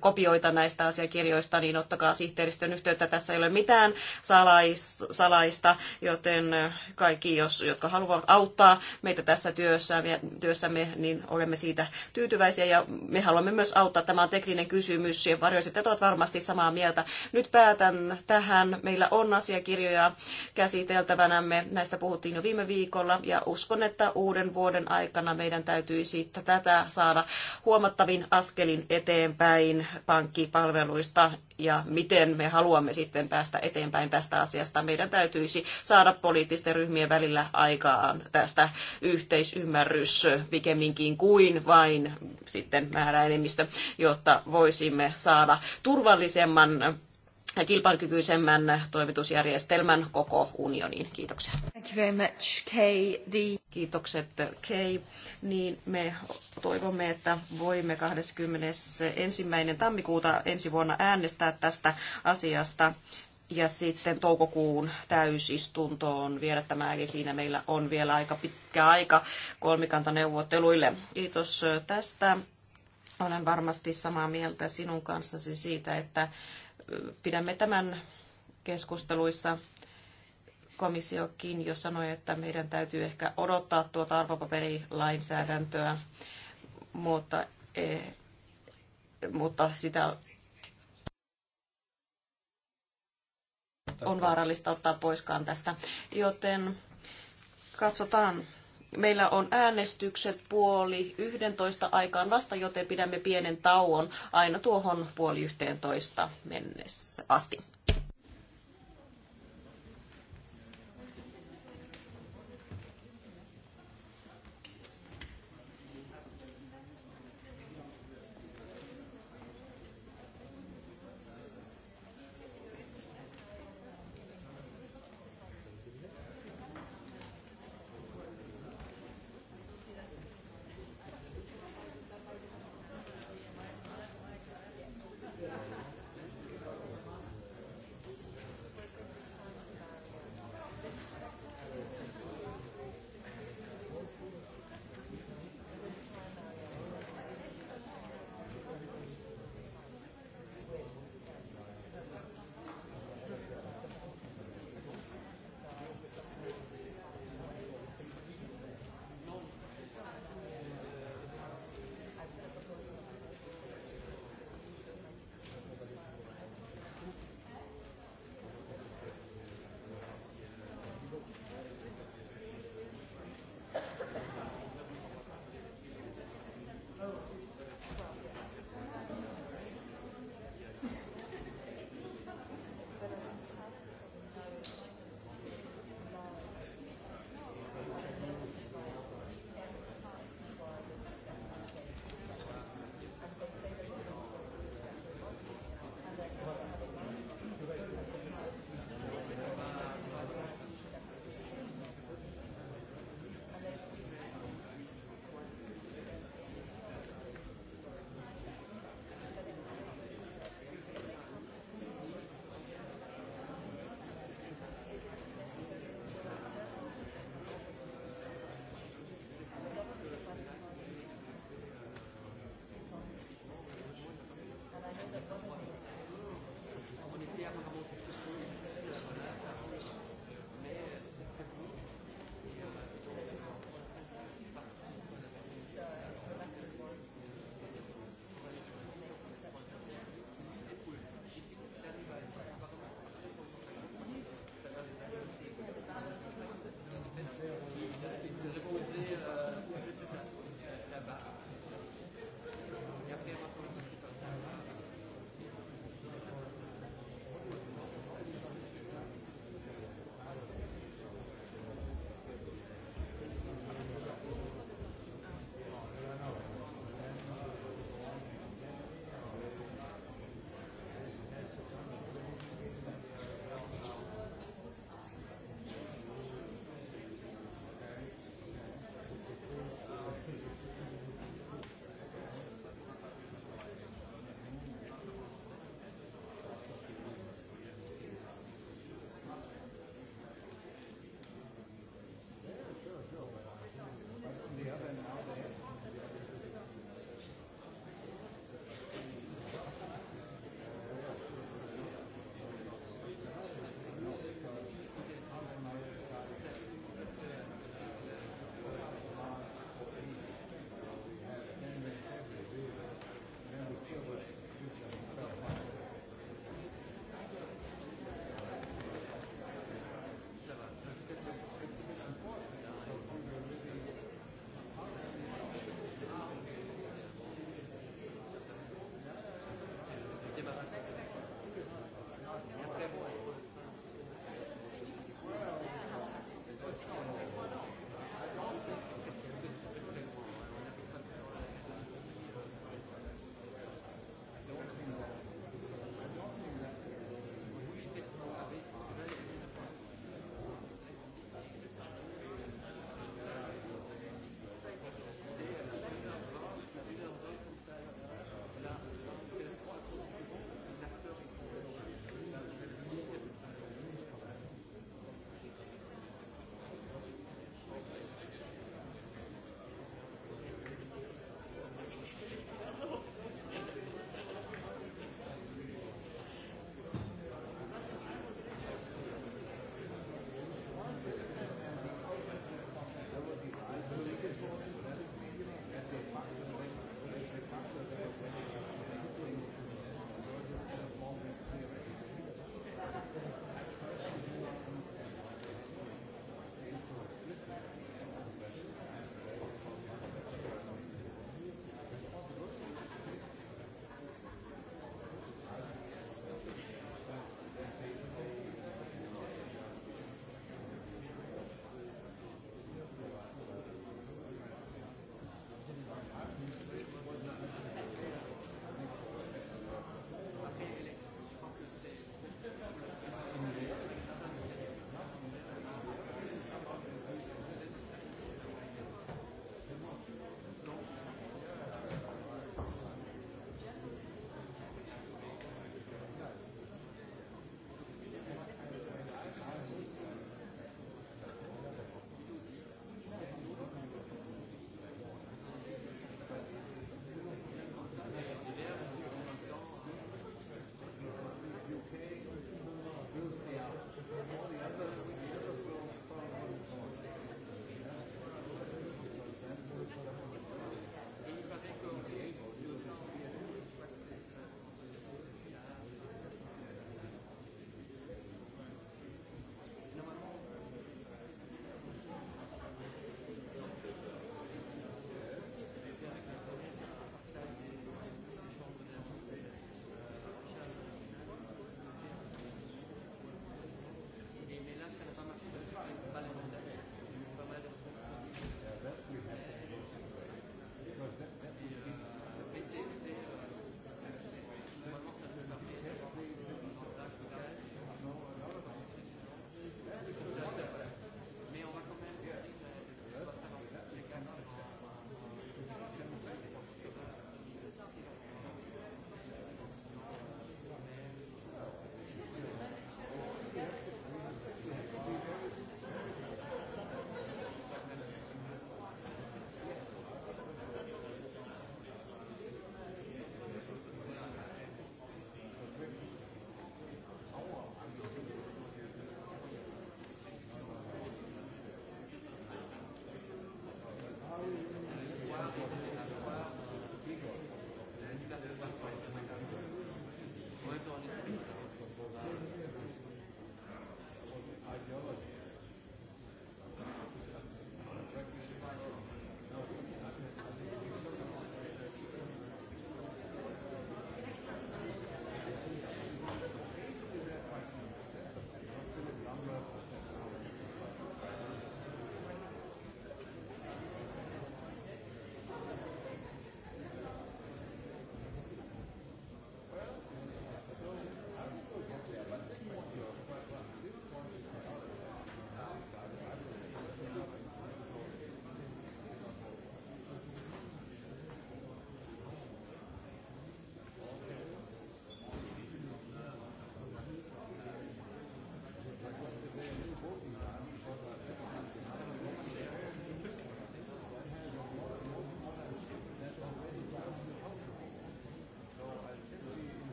kopioita näistä asiakirjoista, niin ottakaa sihteeristön yhteyttä. Tässä ei ole mitään salais, salaista, joten kaikki, jos, jotka haluavat auttaa meitä tässä työssä työssämme, niin olemme siitä tyytyväisiä ja me haluamme myös auttaa. Tämä on tekninen kysymys ja varjoiset ovat varmasti samaa mieltä. Nyt päätän tähän. Meillä on asiakirjoja käsiteltävänämme. Näistä puhuttiin jo viime viikolla ja uskon, että uuden vuoden aikana meidän täytyisi tätä saada huomattavin askelin eteenpäin pankkipalveluista ja miten me haluamme sitten päästä eteenpäin tästä asiasta. Meidän täytyisi saada poliittisten ryhmien välillä aikaan tästä yhteisymmärrys pikemminkin kuin vain sitten määräenemmistö, jotta voisimme saada turvallisemman kilpailukykyisemmän toimitusjärjestelmän koko unioniin. Kiitoksia. Thank you very much, Kay. The... Kiitokset, Kay. Niin me toivomme, että voimme 21. tammikuuta ensi vuonna äänestää tästä asiasta ja sitten toukokuun täysistuntoon viedä tämä, eli siinä meillä on vielä aika pitkä aika kolmikantaneuvotteluille. Kiitos tästä. Olen varmasti samaa mieltä sinun kanssasi siitä, että pidämme tämän keskusteluissa. Komissiokin jo sanoi, että meidän täytyy ehkä odottaa tuota arvopaperilainsäädäntöä, mutta, e, mutta sitä on vaarallista ottaa poiskaan tästä. Joten katsotaan, meillä on äänestykset puoli 11 aikaan vasta, joten pidämme pienen tauon aina tuohon puoli 11 mennessä asti.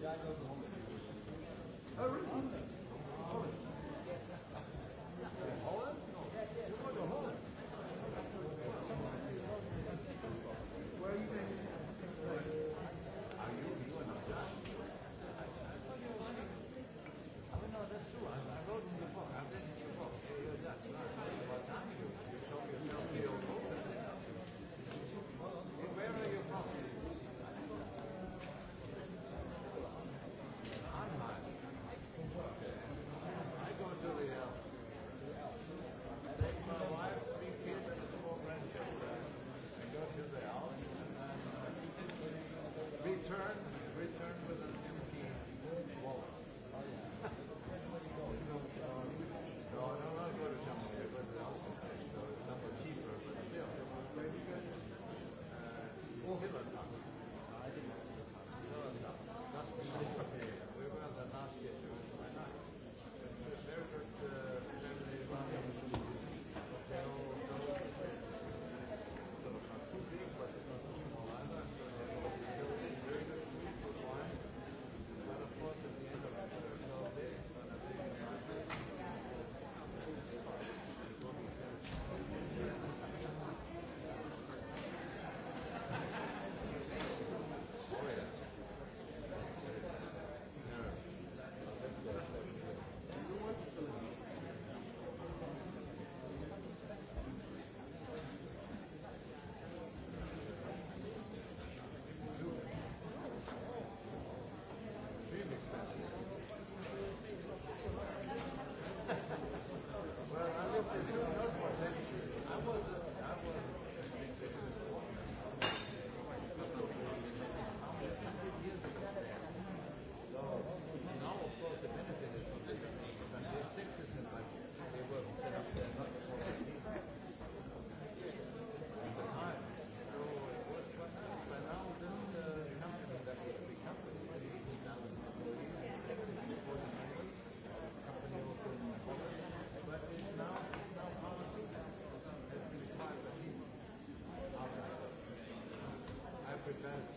Ja,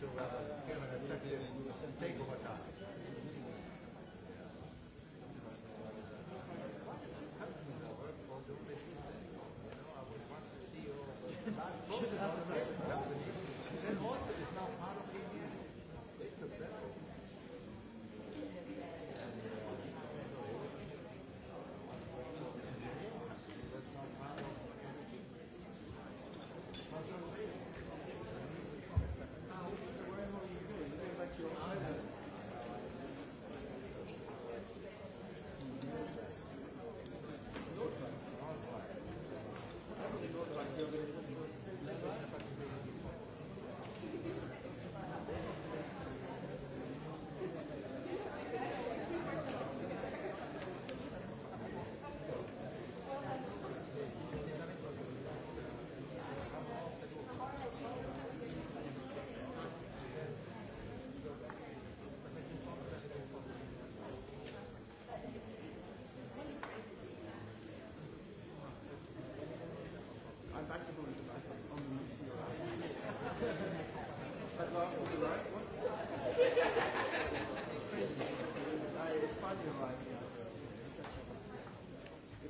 So uh, time. Should have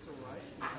it's all right.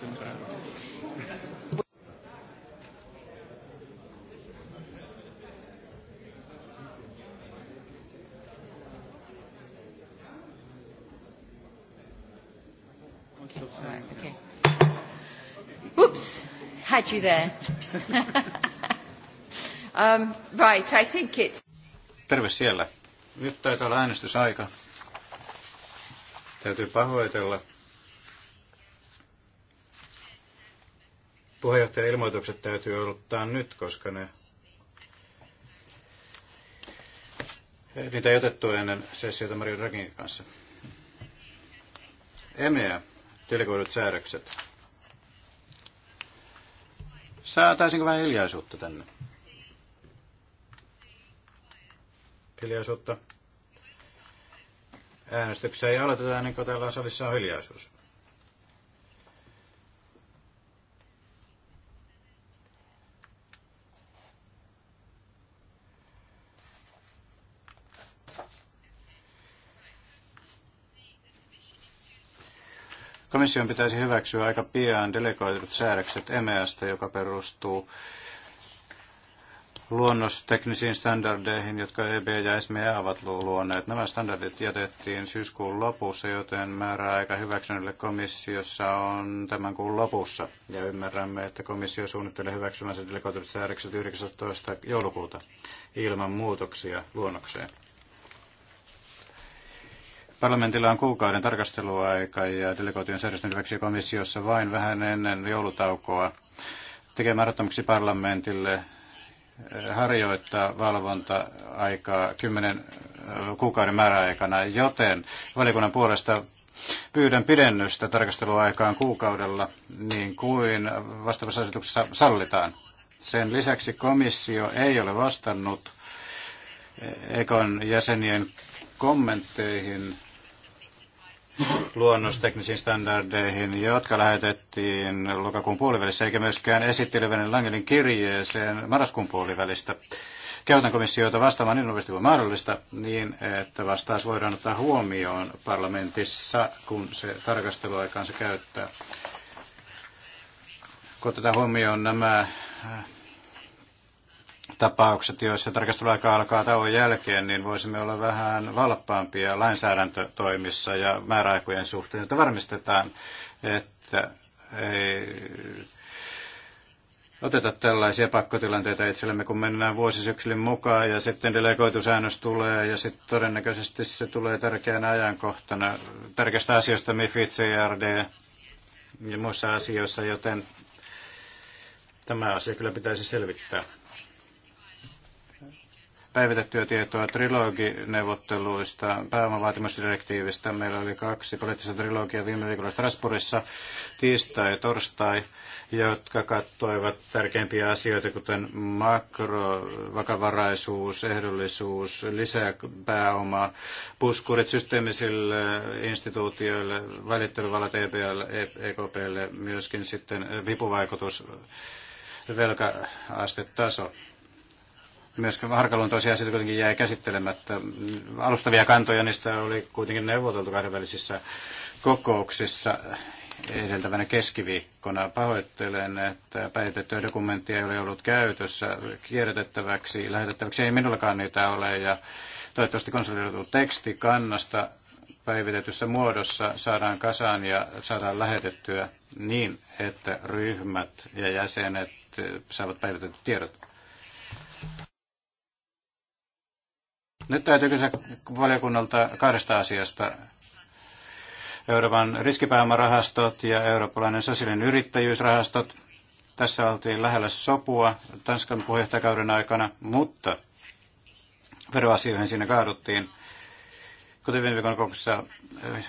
Right, Whoops, had you there. um, right, I think it... Terve siellä. Nyt taitaa olla äänestysaika. Täytyy pahoitella. ilmoitukset täytyy ottaa nyt, koska ne, niitä ei otettu ennen sessiota Mario Dragin kanssa. Emeä, delegoidut säädökset. Saataisinko vähän hiljaisuutta tänne? Hiljaisuutta. Äänestyksessä ei aloiteta ennen kuin täällä salissa on hiljaisuus. Komission pitäisi hyväksyä aika pian delegoidut säädökset EMEAsta, joka perustuu luonnosteknisiin standardeihin, jotka EB ja SME ovat luoneet. Nämä standardit jätettiin syyskuun lopussa, joten määräaika hyväksynnälle komissiossa on tämän kuun lopussa. Ja ymmärrämme, että komissio suunnittelee hyväksymänsä delegoitut säädökset 19. joulukuuta ilman muutoksia luonnokseen. Parlamentilla on kuukauden tarkasteluaika ja delegaation säädösten hyväksi komissiossa vain vähän ennen joulutaukoa tekemään rattomukseksi parlamentille eh, harjoittaa valvonta-aikaa kymmenen eh, kuukauden määräaikana, joten valiokunnan puolesta pyydän pidennystä tarkasteluaikaan kuukaudella, niin kuin vastaavassa asetuksessa sallitaan. Sen lisäksi komissio ei ole vastannut eh, Ekon jäsenien kommentteihin luonnosteknisiin standardeihin, jotka lähetettiin lokakuun puolivälissä, eikä myöskään esittelyvenen Langelin kirjeeseen marraskuun puolivälistä. Kehotan komissiota vastaamaan niin nopeasti kuin mahdollista, niin että vastaus voidaan ottaa huomioon parlamentissa, kun se tarkasteluaikaansa käyttää. Kun otetaan huomioon nämä tapaukset, joissa tarkasteluaika alkaa tauon jälkeen, niin voisimme olla vähän valppaampia lainsäädäntötoimissa ja määräaikojen suhteen, että varmistetaan, että ei oteta tällaisia pakkotilanteita itsellemme, kun mennään vuosisyksyn mukaan ja sitten delegoitusäännös tulee ja sitten todennäköisesti se tulee tärkeänä ajankohtana tärkeästä asioista MIFID, CRD ja muissa asioissa, joten tämä asia kyllä pitäisi selvittää päivitettyä tietoa trilogineuvotteluista, pääomavaatimusdirektiivistä. Meillä oli kaksi poliittista trilogia viime viikolla Strasbourgissa, tiistai ja torstai, jotka kattoivat tärkeimpiä asioita, kuten makro, vakavaraisuus, ehdollisuus, lisäpääoma, puskurit systeemisille instituutioille, välittelyvala TPL, e EKPlle, myöskin sitten vipuvaikutus, velka-astetaso myös arkaluontoisia asioita kuitenkin jäi käsittelemättä. Alustavia kantoja niistä oli kuitenkin neuvoteltu kahdenvälisissä kokouksissa edeltävänä keskiviikkona. Pahoittelen, että päivitettyä dokumenttia ei ole ollut käytössä kierrätettäväksi, lähetettäväksi. Ei minullakaan niitä ole ja toivottavasti konsolidoitu teksti kannasta päivitetyssä muodossa saadaan kasaan ja saadaan lähetettyä niin, että ryhmät ja jäsenet saavat päivitetyt tiedot. Nyt täytyy kysyä valiokunnalta kahdesta asiasta. Euroopan riskipääomarahastot ja eurooppalainen sosiaalinen yrittäjyysrahastot. Tässä oltiin lähellä sopua Tanskan puheenjohtajakauden aikana, mutta veroasioihin siinä kaaduttiin. Kuten viime viikon kokouksessa eh,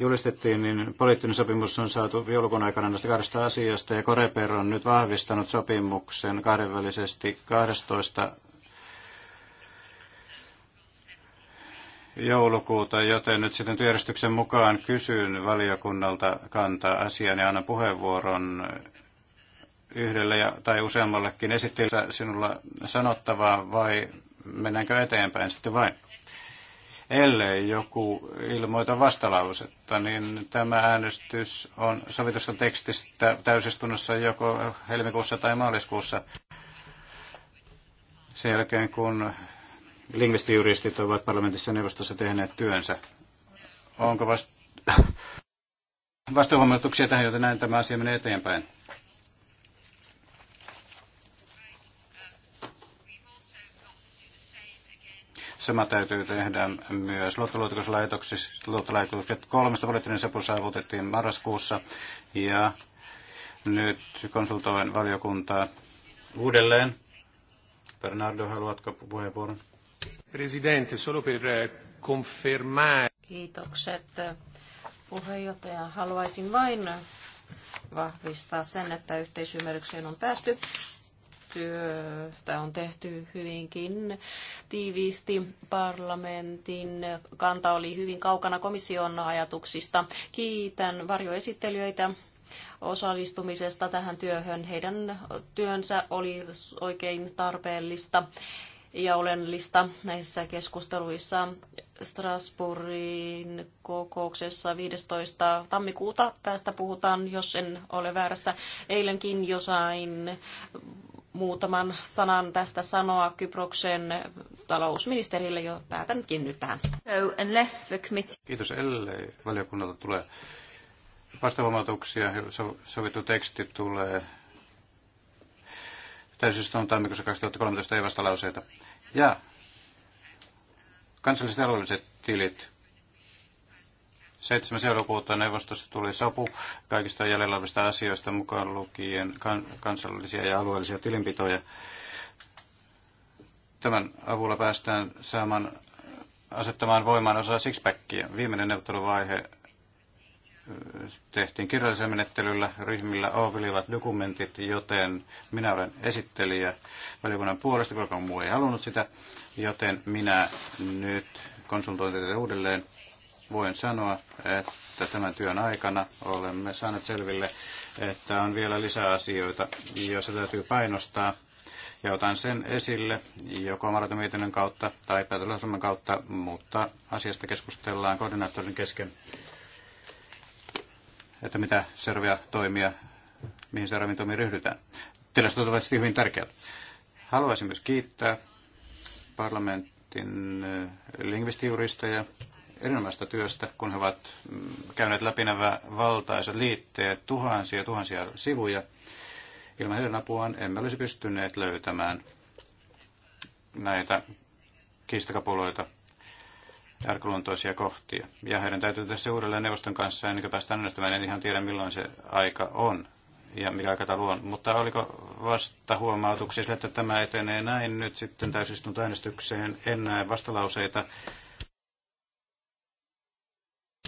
julistettiin, niin poliittinen sopimus on saatu joulukuun aikana näistä kahdesta asiasta, ja Koreper on nyt vahvistanut sopimuksen kahdenvälisesti 12 joulukuuta, joten nyt sitten työjärjestyksen mukaan kysyn valiokunnalta kantaa asiaan ja annan puheenvuoron yhdelle ja, tai useammallekin esittelyssä sinulla sanottavaa vai mennäänkö eteenpäin sitten vain? Ellei joku ilmoita vastalausetta, niin tämä äänestys on sovitusta tekstistä täysistunnossa joko helmikuussa tai maaliskuussa sen jälkeen, kun lingvistijuristit ovat parlamentissa ja neuvostossa tehneet työnsä. Onko vast... vastuuhuomautuksia tähän, joten näin tämä asia menee eteenpäin? Sama täytyy tehdä myös luottolaitoslaitokset. Kolmesta poliittinen sopu saavutettiin marraskuussa ja nyt konsultoin valiokuntaa uudelleen. Bernardo, haluatko puheenvuoron? Presidente, solo per eh, confermare. Kiitokset. Puheenjohtaja, haluaisin vain vahvistaa sen, että yhteisymmärrykseen on päästy. Työtä on tehty hyvinkin tiiviisti. Parlamentin kanta oli hyvin kaukana komission ajatuksista. Kiitän varjoesittelijöitä osallistumisesta tähän työhön. Heidän työnsä oli oikein tarpeellista ja oleellista näissä keskusteluissa Strasbourgin kokouksessa 15. tammikuuta. Tästä puhutaan, jos en ole väärässä. Eilenkin jo sain muutaman sanan tästä sanoa Kyproksen talousministerille, jo päätänkin nyt tähän. Kiitos, ellei valiokunnalta tulee vastaavamautuksia. Sovittu teksti tulee täysistunnon tammikuussa 2013 ei vastalauseita. Ja kansalliset ja alueelliset tilit. 7. joulukuuta neuvostossa tuli sopu kaikista jäljellä olevista asioista mukaan lukien kan- kansallisia ja alueellisia tilinpitoja. Tämän avulla päästään saamaan asettamaan voimaan osaa sixpackia. Viimeinen neuvotteluvaihe tehtiin kirjallisella menettelyllä. Ryhmillä olivat dokumentit, joten minä olen esittelijä valiokunnan puolesta, koska muu ei halunnut sitä. Joten minä nyt konsultoin teitä uudelleen. Voin sanoa, että tämän työn aikana olemme saaneet selville, että on vielä lisää asioita, joissa täytyy painostaa. Ja otan sen esille joko maratomietinnön kautta tai päätöllä kautta, mutta asiasta keskustellaan koordinaattorin kesken että mitä seuraavia toimia, mihin seuraaviin toimiin ryhdytään. Tilastot ovat hyvin tärkeät. Haluaisin myös kiittää parlamentin eh, lingvistijuristeja erinomaista työstä, kun he ovat mm, käyneet läpi nämä valtaiset liitteet, tuhansia tuhansia sivuja. Ilman heidän apuaan emme olisi pystyneet löytämään näitä kiistakapuloita arkaluontoisia kohtia. Ja heidän täytyy tässä uudelleen neuvoston kanssa, ennen kuin päästään äänestämään, en ihan tiedä milloin se aika on ja mikä aikataulu on. Mutta oliko vasta huomautuksia sille, että tämä etenee näin nyt sitten äänestykseen? En näe vastalauseita.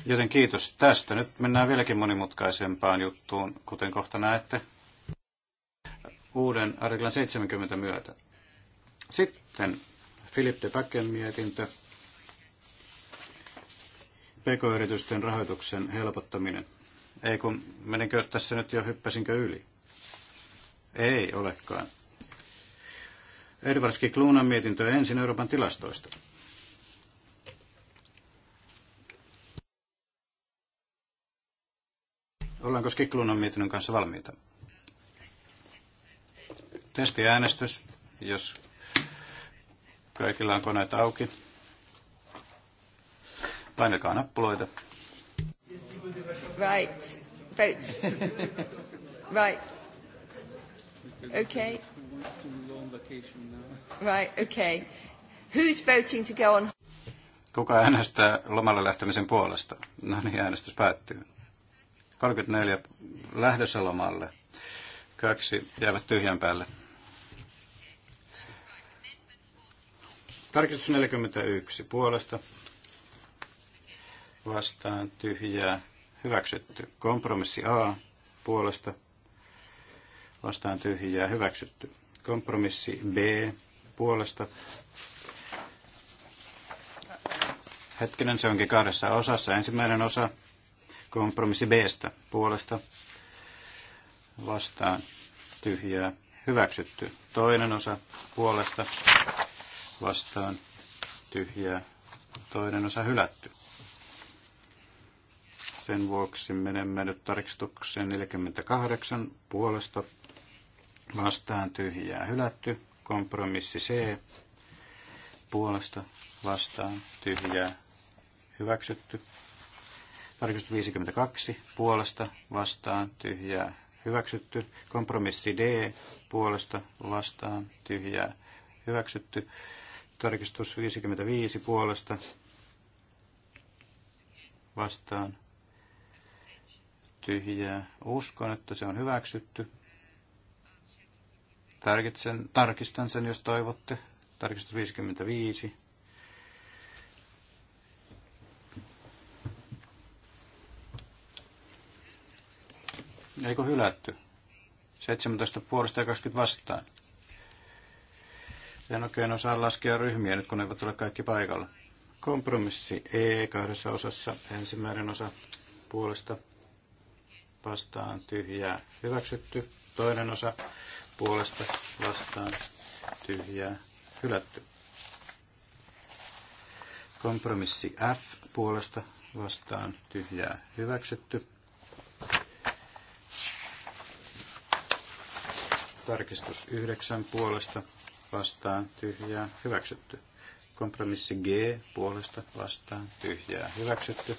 Joten kiitos tästä. Nyt mennään vieläkin monimutkaisempaan juttuun, kuten kohta näette, uuden artiklan 70 myötä. Sitten Philip de Backen mietintö pk-yritysten rahoituksen helpottaminen. Ei kun, menikö tässä nyt jo, hyppäsinkö yli? Ei olekaan. Edvarski Kluunan mietintö ensin Euroopan tilastoista. Ollaanko Skikluunan mietinnön kanssa valmiita? Testiäänestys, jos kaikilla on koneet auki. Painakaa nappuloita. Right. Votes. right. Okay. Right, okay. Who's voting to go on? Kuka äänestää lomalle lähtemisen puolesta? No niin, äänestys päättyy. 34 lähdössä lomalle. Kaksi jäävät tyhjän päälle. Tarkistus 41 puolesta vastaan tyhjää hyväksytty. Kompromissi A puolesta vastaan tyhjää hyväksytty. Kompromissi B puolesta. Hetkinen, se onkin kahdessa osassa. Ensimmäinen osa kompromissi Bstä puolesta vastaan tyhjää hyväksytty. Toinen osa puolesta vastaan tyhjää, toinen osa hylätty. Sen vuoksi menemme nyt tarkistukseen 48 puolesta vastaan tyhjää hylätty. Kompromissi C puolesta vastaan tyhjää hyväksytty. Tarkistus 52 puolesta vastaan tyhjää hyväksytty. Kompromissi D puolesta vastaan tyhjää hyväksytty. Tarkistus 55 puolesta vastaan tyhjää. Uskon, että se on hyväksytty. Tarkitsen, tarkistan sen, jos toivotte. Tarkistus 55. Eikö hylätty? 17 puolesta ja 20 vastaan. En oikein osaa laskea ryhmiä nyt, kun ne eivät ole kaikki paikalla. Kompromissi E kahdessa osassa. Ensimmäinen osa puolesta vastaan tyhjää hyväksytty. Toinen osa puolesta vastaan tyhjää hylätty. Kompromissi F puolesta vastaan tyhjää hyväksytty. Tarkistus 9 puolesta vastaan tyhjää hyväksytty. Kompromissi G puolesta vastaan tyhjää hyväksytty.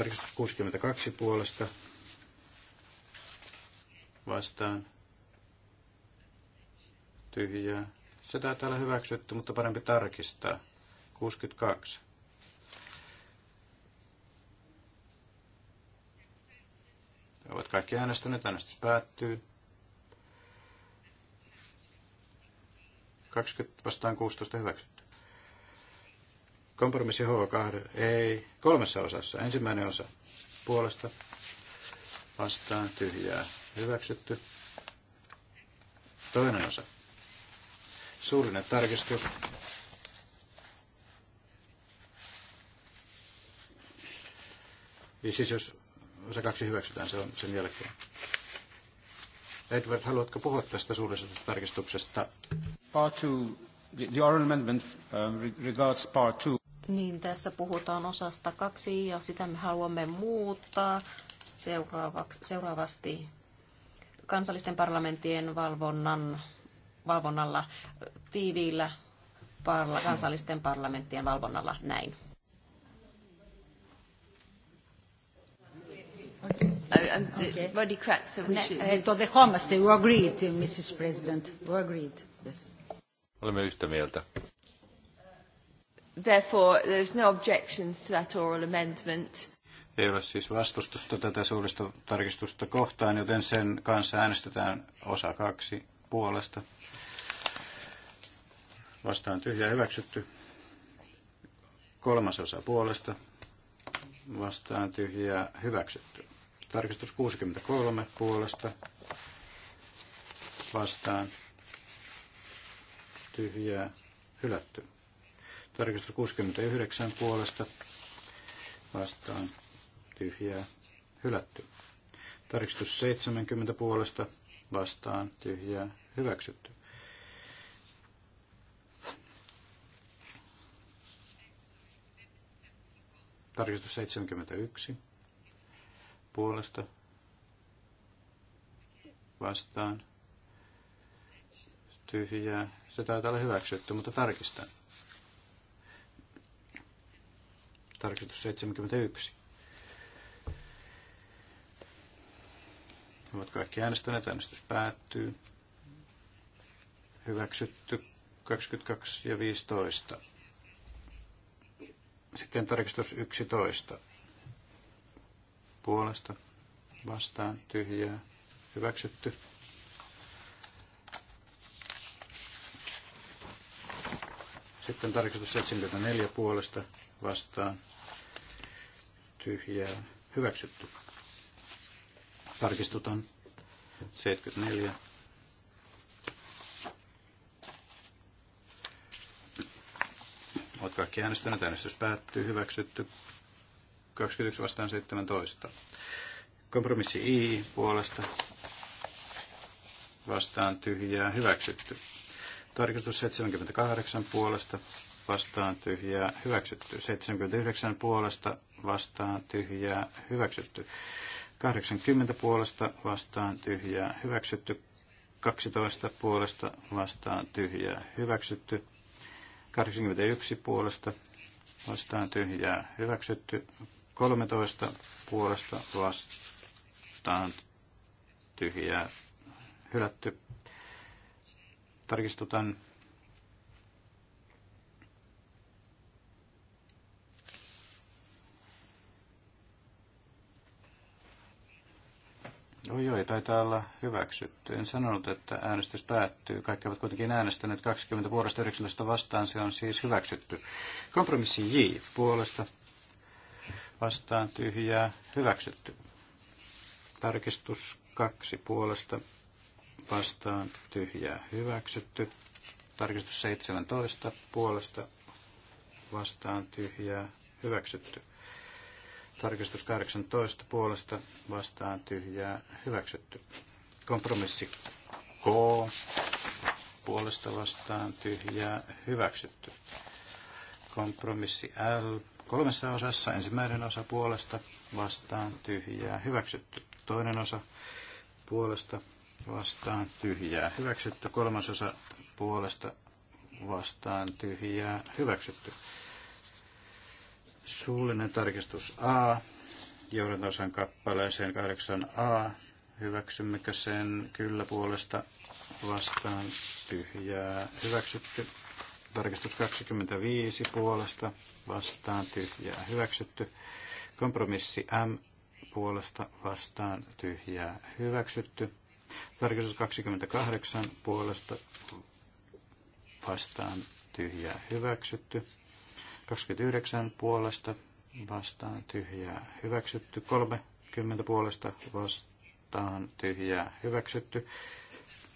Tarkistus 62 puolesta vastaan tyhjää. Se täällä olla hyväksytty, mutta parempi tarkistaa. 62. Ovat kaikki äänestäneet. Äänestys päättyy. 20 vastaan 16 hyväksytty. Kompromissi H2, ei, kolmessa osassa. Ensimmäinen osa puolesta vastaan tyhjää hyväksytty. Toinen osa. Suullinen tarkistus. Ja siis jos osa kaksi hyväksytään, se on sen jälkeen. Edward, haluatko puhua tästä suullisesta tarkistuksesta? Part two, the oral amendment um, regards part two niin tässä puhutaan osasta kaksi ja sitä me haluamme muuttaa seuraavasti kansallisten parlamenttien valvonnan, valvonnalla tiiviillä parla, kansallisten parlamenttien valvonnalla näin. Okay. Okay. Body cracks, so we Το eh, agreed, Mrs. President. We agreed. Yes. Olemme yhtä mieltä. Therefore, is no objections to that oral amendment. Ei ole siis vastustusta tätä suullista tarkistusta kohtaan, joten sen kanssa äänestetään osa kaksi puolesta. Vastaan tyhjä hyväksytty. Kolmas osa puolesta. Vastaan tyhjä hyväksytty. Tarkistus 63 puolesta. Vastaan tyhjä hylätty. Tarkistus 69 puolesta vastaan tyhjää hylätty. Tarkistus 70 puolesta vastaan tyhjää hyväksytty. Tarkistus 71 puolesta vastaan tyhjää. Se taitaa olla hyväksytty, mutta tarkistan. tarkistus 71. Ovat kaikki äänestäneet, äänestys päättyy. Hyväksytty 22 ja 15. Sitten tarkistus 11. Puolesta vastaan tyhjää. Hyväksytty Sitten tarkistus 74 puolesta vastaan tyhjää hyväksytty. Tarkistutaan 74. Olet kaikki äänestäneet. Äänestys päättyy. Hyväksytty. 21 vastaan 17. Kompromissi I puolesta vastaan tyhjää hyväksytty. Tarkistus 78 puolesta vastaan tyhjää hyväksytty. 79 puolesta vastaan tyhjää hyväksytty. 80 puolesta vastaan tyhjää hyväksytty. 12 puolesta vastaan tyhjää hyväksytty. 81 puolesta vastaan tyhjää hyväksytty. 13 puolesta vastaan tyhjää hylätty tarkistutaan. Oi oi, taitaa olla hyväksytty. En sanonut, että äänestys päättyy. Kaikki ovat kuitenkin äänestäneet 20 vuodesta 19 vastaan. Se on siis hyväksytty. Kompromissi J puolesta vastaan tyhjää hyväksytty. Tarkistus kaksi puolesta vastaan tyhjää hyväksytty. Tarkistus 17 puolesta vastaan tyhjää hyväksytty. Tarkistus 18 puolesta vastaan tyhjää hyväksytty. Kompromissi K puolesta vastaan tyhjää hyväksytty. Kompromissi L kolmessa osassa. Ensimmäinen osa puolesta vastaan tyhjää hyväksytty. Toinen osa puolesta vastaan tyhjää hyväksytty. Kolmasosa puolesta vastaan tyhjää hyväksytty. Suullinen tarkistus A, johdantosan kappaleeseen 8a. Hyväksymmekö sen kyllä puolesta vastaan tyhjää hyväksytty. Tarkistus 25 puolesta vastaan tyhjää hyväksytty. Kompromissi M puolesta vastaan tyhjää hyväksytty. Tarkistus 28 puolesta vastaan tyhjää hyväksytty. 29 puolesta vastaan tyhjää hyväksytty. 30 puolesta vastaan tyhjää hyväksytty.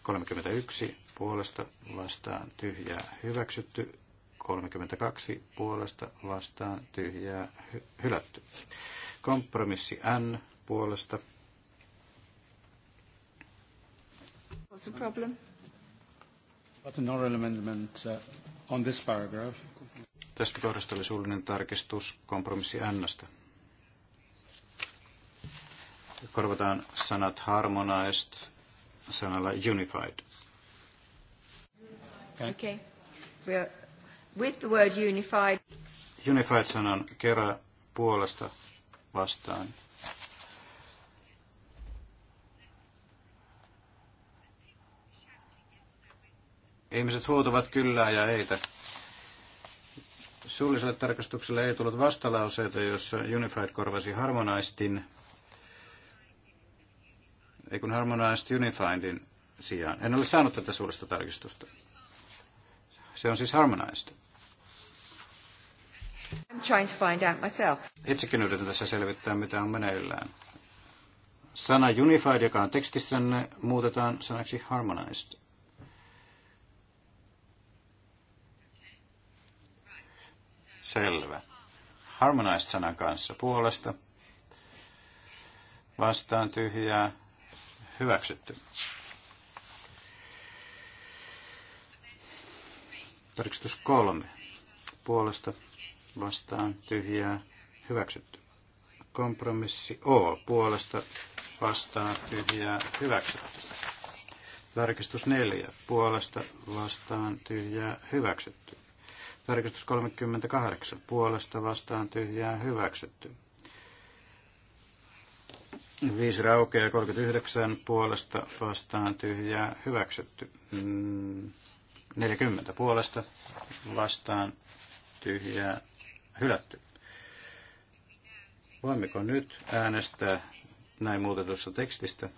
31 puolesta vastaan tyhjää hyväksytty. 32 puolesta vastaan tyhjää hy- hylätty. Kompromissi N puolesta What's the problem? But an oral amendment uh, on this paragraph. Tästä kohdasta oli suullinen tarkistus kompromissi N-stä. Korvataan sanat harmonized sanalla unified. Okay. okay. We are with the word unified. Unified sanan kerran puolesta vastaan Ihmiset huutavat kyllä ja eitä. Suulliselle tarkastukselle ei tullut vastalauseita, jossa Unified korvasi harmonaistin, ei kun Harmonized Unifiedin sijaan. En ole saanut tätä suullista tarkistusta. Se on siis Harmonized. I'm trying to find out myself. Itsekin yritän tässä selvittää, mitä on meneillään. Sana unified, joka on tekstissänne, muutetaan sanaksi harmonized. Selvä. Harmonized sanan kanssa puolesta. Vastaan tyhjää. Hyväksytty. Tarkistus kolme. Puolesta vastaan tyhjää. Hyväksytty. Kompromissi O. Puolesta vastaan tyhjää. Hyväksytty. Tarkistus neljä. Puolesta vastaan tyhjää. Hyväksytty. Tarkistus 38. Puolesta vastaan tyhjää hyväksytty. 5 raukeaa 39 puolesta vastaan tyhjää hyväksytty. 40 mm, puolesta vastaan tyhjää hylätty. Voimmeko nyt äänestää näin muutetussa tekstistä?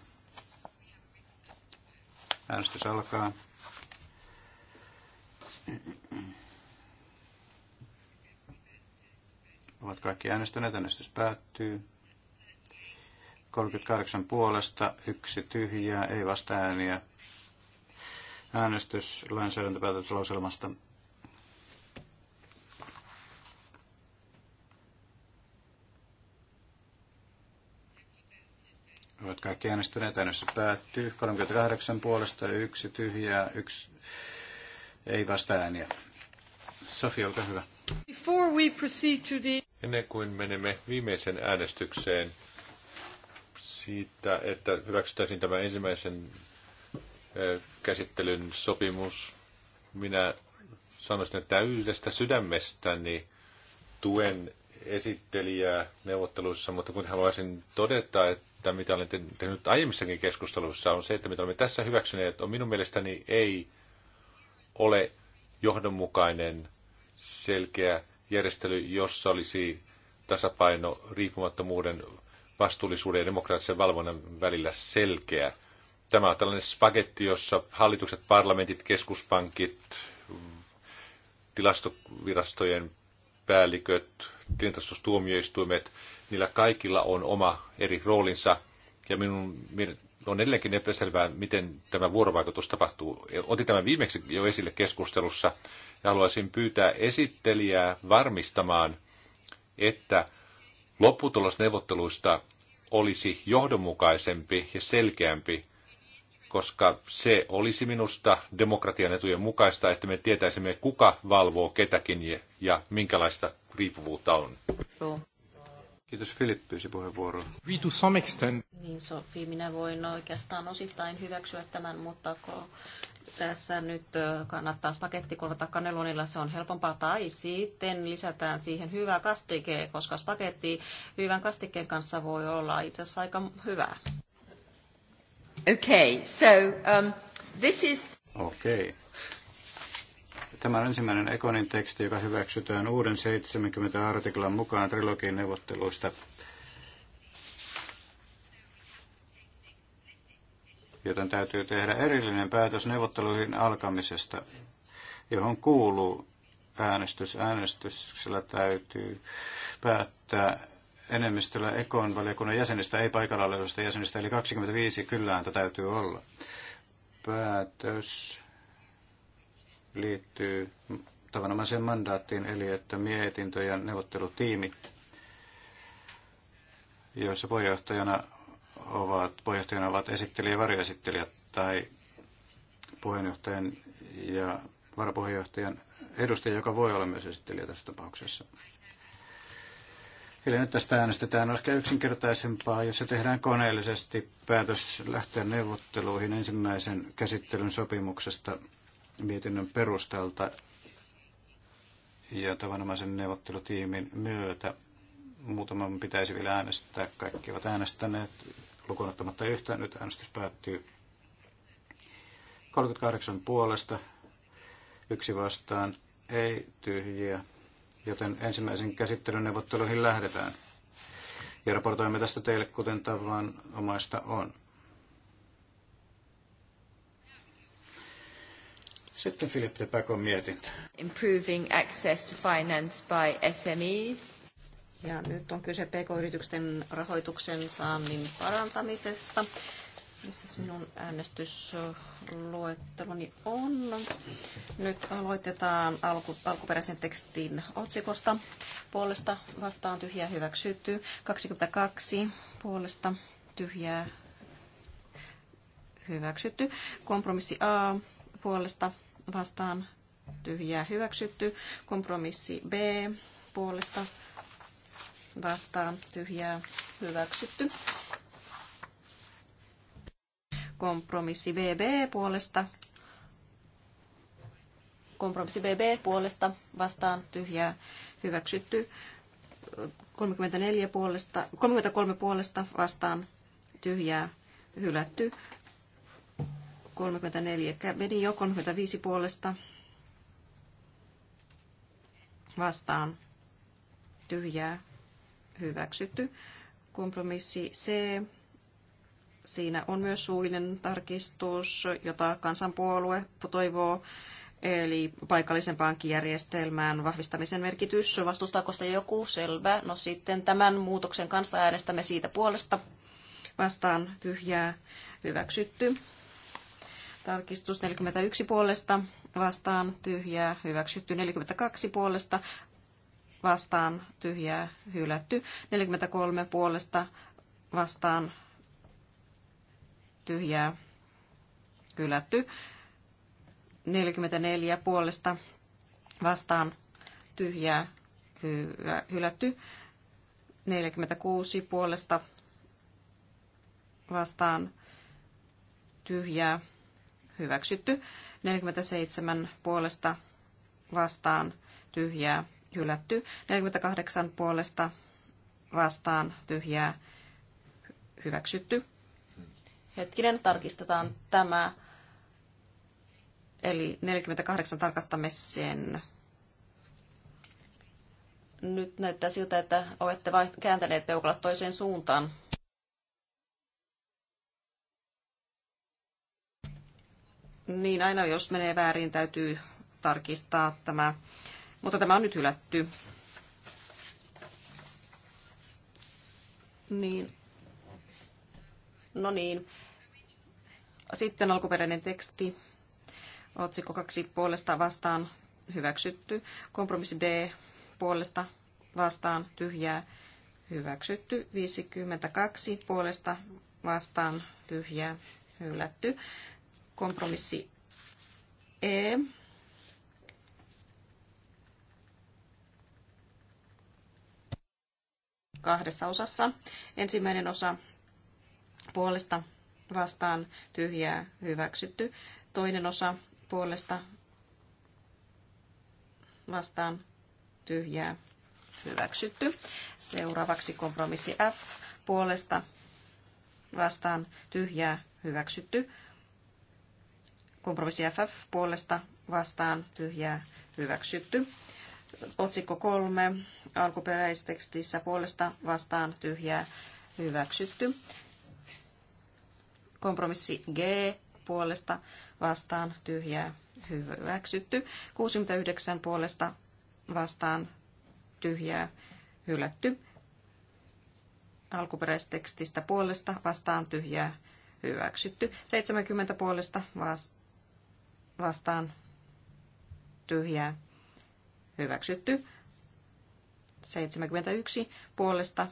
Äänestys alkaa. Ovat kaikki äänestäneet. Äänestys päättyy. 38 puolesta, yksi tyhjää, ei vasta ääniä. Äänestys lainsäädäntöpäätöslauselmasta. Ovat kaikki äänestäneet. Äänestys päättyy. 38 puolesta, yksi tyhjää, yksi ei vasta ääniä olkaa hyvä. Before we proceed to the... Ennen kuin menemme viimeisen äänestykseen siitä, että hyväksyttäisiin tämä ensimmäisen käsittelyn sopimus, minä sanoisin, että yhdestä sydämestäni tuen esittelijää neuvotteluissa, mutta kun haluaisin todeta, että mitä olen tehnyt aiemmissakin keskusteluissa, on se, että mitä olemme tässä hyväksyneet, on minun mielestäni ei ole johdonmukainen selkeä järjestely, jossa olisi tasapaino riippumattomuuden, vastuullisuuden ja demokraattisen valvonnan välillä selkeä. Tämä on tällainen spagetti, jossa hallitukset, parlamentit, keskuspankit, tilastovirastojen päälliköt, tilintarkastustuomioistuimet, niillä kaikilla on oma eri roolinsa. Ja minun on edelleenkin epäselvää, miten tämä vuorovaikutus tapahtuu. Otin tämän viimeksi jo esille keskustelussa, ja haluaisin pyytää esittelijää varmistamaan, että lopputulos neuvotteluista olisi johdonmukaisempi ja selkeämpi, koska se olisi minusta demokratian etujen mukaista, että me tietäisimme, kuka valvoo ketäkin ja minkälaista riippuvuutta on. Kiitos Filip pyysi puheenvuoroa. to some extent. Niin Sofi, minä voin oikeastaan osittain hyväksyä tämän, mutta tässä nyt kannattaa paketti korvata kanelonilla, se on helpompaa, tai sitten lisätään siihen hyvää kastike, koska spagetti hyvän kastikkeen kanssa voi olla itse asiassa aika hyvää. Okay, so um, this is... Okay. Tämä on ensimmäinen Ekonin teksti, joka hyväksytään uuden 70 artiklan mukaan trilogin neuvotteluista joten täytyy tehdä erillinen päätös neuvotteluihin alkamisesta, johon kuuluu äänestys. Äänestyksellä täytyy päättää enemmistöllä Ekon valiokunnan jäsenistä, ei paikalla olevista jäsenistä, eli 25 kyllä täytyy olla. Päätös liittyy tavanomaiseen mandaattiin, eli että mietintö ja neuvottelutiimi, joissa puheenjohtajana ovat, puheenjohtajana ovat esittelijä ja varjoesittelijät tai puheenjohtajan ja varapuheenjohtajan edustaja, joka voi olla myös esittelijä tässä tapauksessa. Eli nyt tästä äänestetään ehkä yksinkertaisempaa, jos se tehdään koneellisesti päätös lähteä neuvotteluihin ensimmäisen käsittelyn sopimuksesta mietinnön perustalta ja tavanomaisen neuvottelutiimin myötä. Muutaman pitäisi vielä äänestää. Kaikki ovat äänestäneet lukuun ottamatta yhtään. Nyt äänestys päättyy 38 puolesta, yksi vastaan, ei tyhjiä, joten ensimmäisen käsittelyn neuvotteluihin lähdetään. Ja raportoimme tästä teille, kuten omaista on. Sitten Philip de Pacon Improving access to finance by SMEs. Ja nyt on kyse pk-yritysten rahoituksen saannin parantamisesta. Missä minun äänestysluetteloni on? Nyt aloitetaan alku, alkuperäisen tekstin otsikosta. Puolesta vastaan tyhjää hyväksytty. 22 puolesta tyhjää hyväksytty. Kompromissi A puolesta vastaan tyhjää hyväksytty. Kompromissi B puolesta vastaan tyhjää hyväksytty. Kompromissi BB puolesta. Kompromissi BB puolesta vastaan tyhjää hyväksytty. 34 puolesta, 33 puolesta vastaan tyhjää hylätty. 34 meni jo 35 puolesta vastaan tyhjää hyväksytty. Kompromissi C. Siinä on myös suullinen tarkistus, jota kansanpuolue toivoo, eli paikallisen pankkijärjestelmän vahvistamisen merkitys. Vastustaako sitä joku? Selvä. No sitten tämän muutoksen kanssa äänestämme siitä puolesta. Vastaan tyhjää hyväksytty. Tarkistus 41 puolesta vastaan tyhjää, hyväksytty 42 puolesta, vastaan tyhjää hylätty. 43 puolesta vastaan tyhjää hylätty. 44 puolesta vastaan tyhjää hylätty. 46 puolesta vastaan tyhjää hyväksytty. 47 puolesta vastaan tyhjää hylätty. 48 puolesta vastaan tyhjää hyväksytty. Hetkinen, tarkistetaan tämä. Eli 48 tarkastamme sen. Nyt näyttää siltä, että olette vain kääntäneet peukalat toiseen suuntaan. Niin, aina jos menee väärin, täytyy tarkistaa tämä mutta tämä on nyt hylätty. Niin. No niin. Sitten alkuperäinen teksti. Otsikko kaksi puolesta vastaan hyväksytty. Kompromissi D puolesta vastaan tyhjää hyväksytty. 52 puolesta vastaan tyhjää hylätty. Kompromissi E kahdessa osassa. Ensimmäinen osa puolesta vastaan tyhjää hyväksytty. Toinen osa puolesta vastaan tyhjää hyväksytty. Seuraavaksi kompromissi F puolesta vastaan tyhjää hyväksytty. Kompromissi FF puolesta vastaan tyhjää hyväksytty. Otsikko kolme alkuperäistekstissä puolesta vastaan tyhjää hyväksytty. Kompromissi G puolesta vastaan tyhjää hyväksytty. 69 puolesta vastaan tyhjää hylätty. Alkuperäistekstistä puolesta vastaan tyhjää hyväksytty. 70 puolesta vastaan tyhjää hyväksytty. 71 puolesta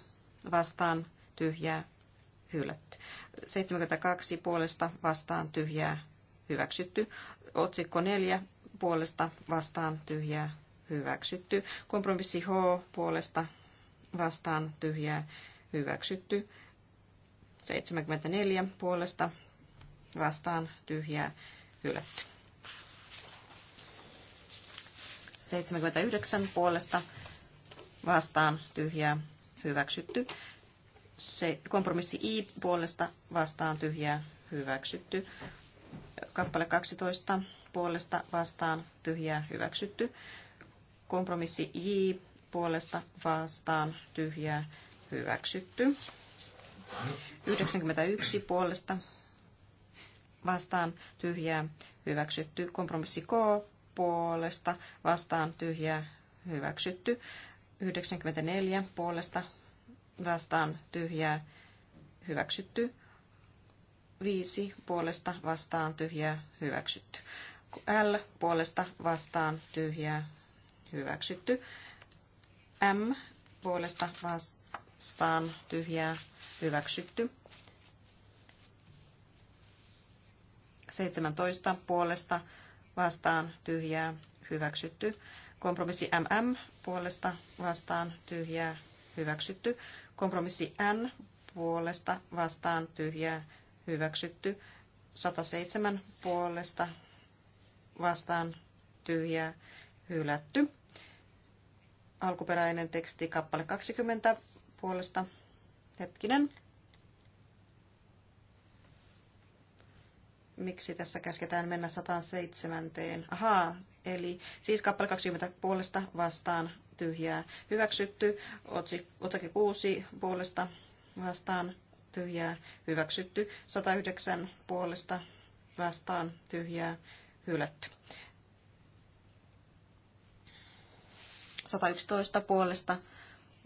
vastaan tyhjää hylätty. 72 puolesta vastaan tyhjää hyväksytty. Otsikko 4 puolesta vastaan tyhjää hyväksytty. Kompromissi H puolesta vastaan tyhjää hyväksytty. 74 puolesta vastaan tyhjää hylätty. 79 puolesta vastaan tyhjää hyväksytty. Se, kompromissi I puolesta vastaan tyhjää hyväksytty. Kappale 12 puolesta vastaan tyhjää hyväksytty. Kompromissi J puolesta vastaan tyhjää hyväksytty. 91 puolesta vastaan tyhjää hyväksytty. Kompromissi K puolesta vastaan tyhjää hyväksytty. 94 puolesta vastaan tyhjää hyväksytty. 5 puolesta vastaan tyhjää hyväksytty. L puolesta vastaan tyhjää hyväksytty. M puolesta vastaan tyhjää hyväksytty. 17 puolesta vastaan tyhjää hyväksytty. Kompromissi MM puolesta vastaan tyhjää hyväksytty. Kompromissi N puolesta vastaan tyhjää hyväksytty. 107 puolesta vastaan tyhjää hylätty. Alkuperäinen teksti kappale 20 puolesta. Hetkinen. miksi tässä käsketään mennä 107. Ahaa, eli siis kappale 20 puolesta vastaan tyhjää hyväksytty, otsake 6 puolesta vastaan tyhjää hyväksytty, 109 puolesta vastaan tyhjää hylätty. 111 puolesta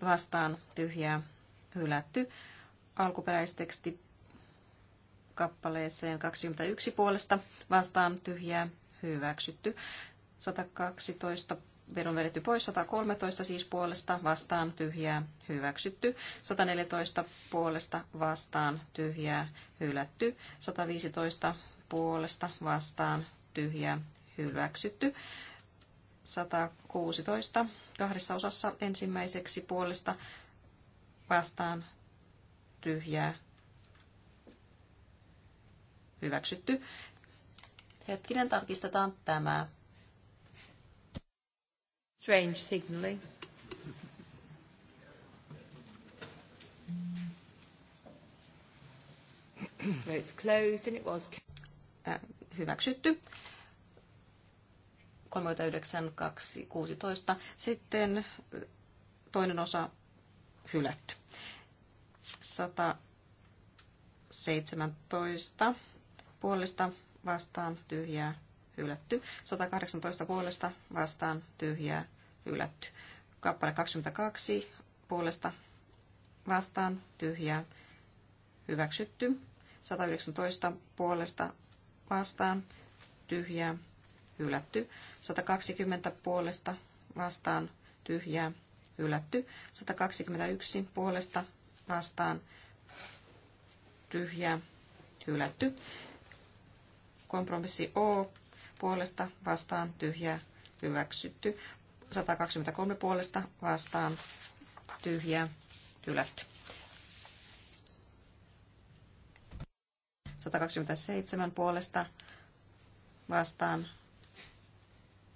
vastaan tyhjää hylätty. Alkuperäisteksti kappaleeseen 21 puolesta vastaan tyhjää hyväksytty. 112 vedon vedetty pois, 113 siis puolesta vastaan tyhjää hyväksytty, 114 puolesta vastaan tyhjää hylätty, 115 puolesta vastaan tyhjää hyväksytty, 116 kahdessa osassa ensimmäiseksi puolesta vastaan tyhjää hyväksytty. Hetkinen, tarkistetaan tämä. Strange signaling. It's closed and it was... Äh, hyväksytty. 39, Sitten äh, toinen osa hylätty. 117 puolesta vastaan tyhjää hylätty. 118 puolesta vastaan tyhjää hylätty. Kappale 22 puolesta vastaan tyhjää hyväksytty. 119 puolesta vastaan tyhjää hylätty. 120 puolesta vastaan tyhjää hylätty. 121 puolesta vastaan tyhjää hylätty. Kompromissi O puolesta vastaan tyhjä hyväksytty. 123 puolesta vastaan tyhjä hylätty. 127 puolesta vastaan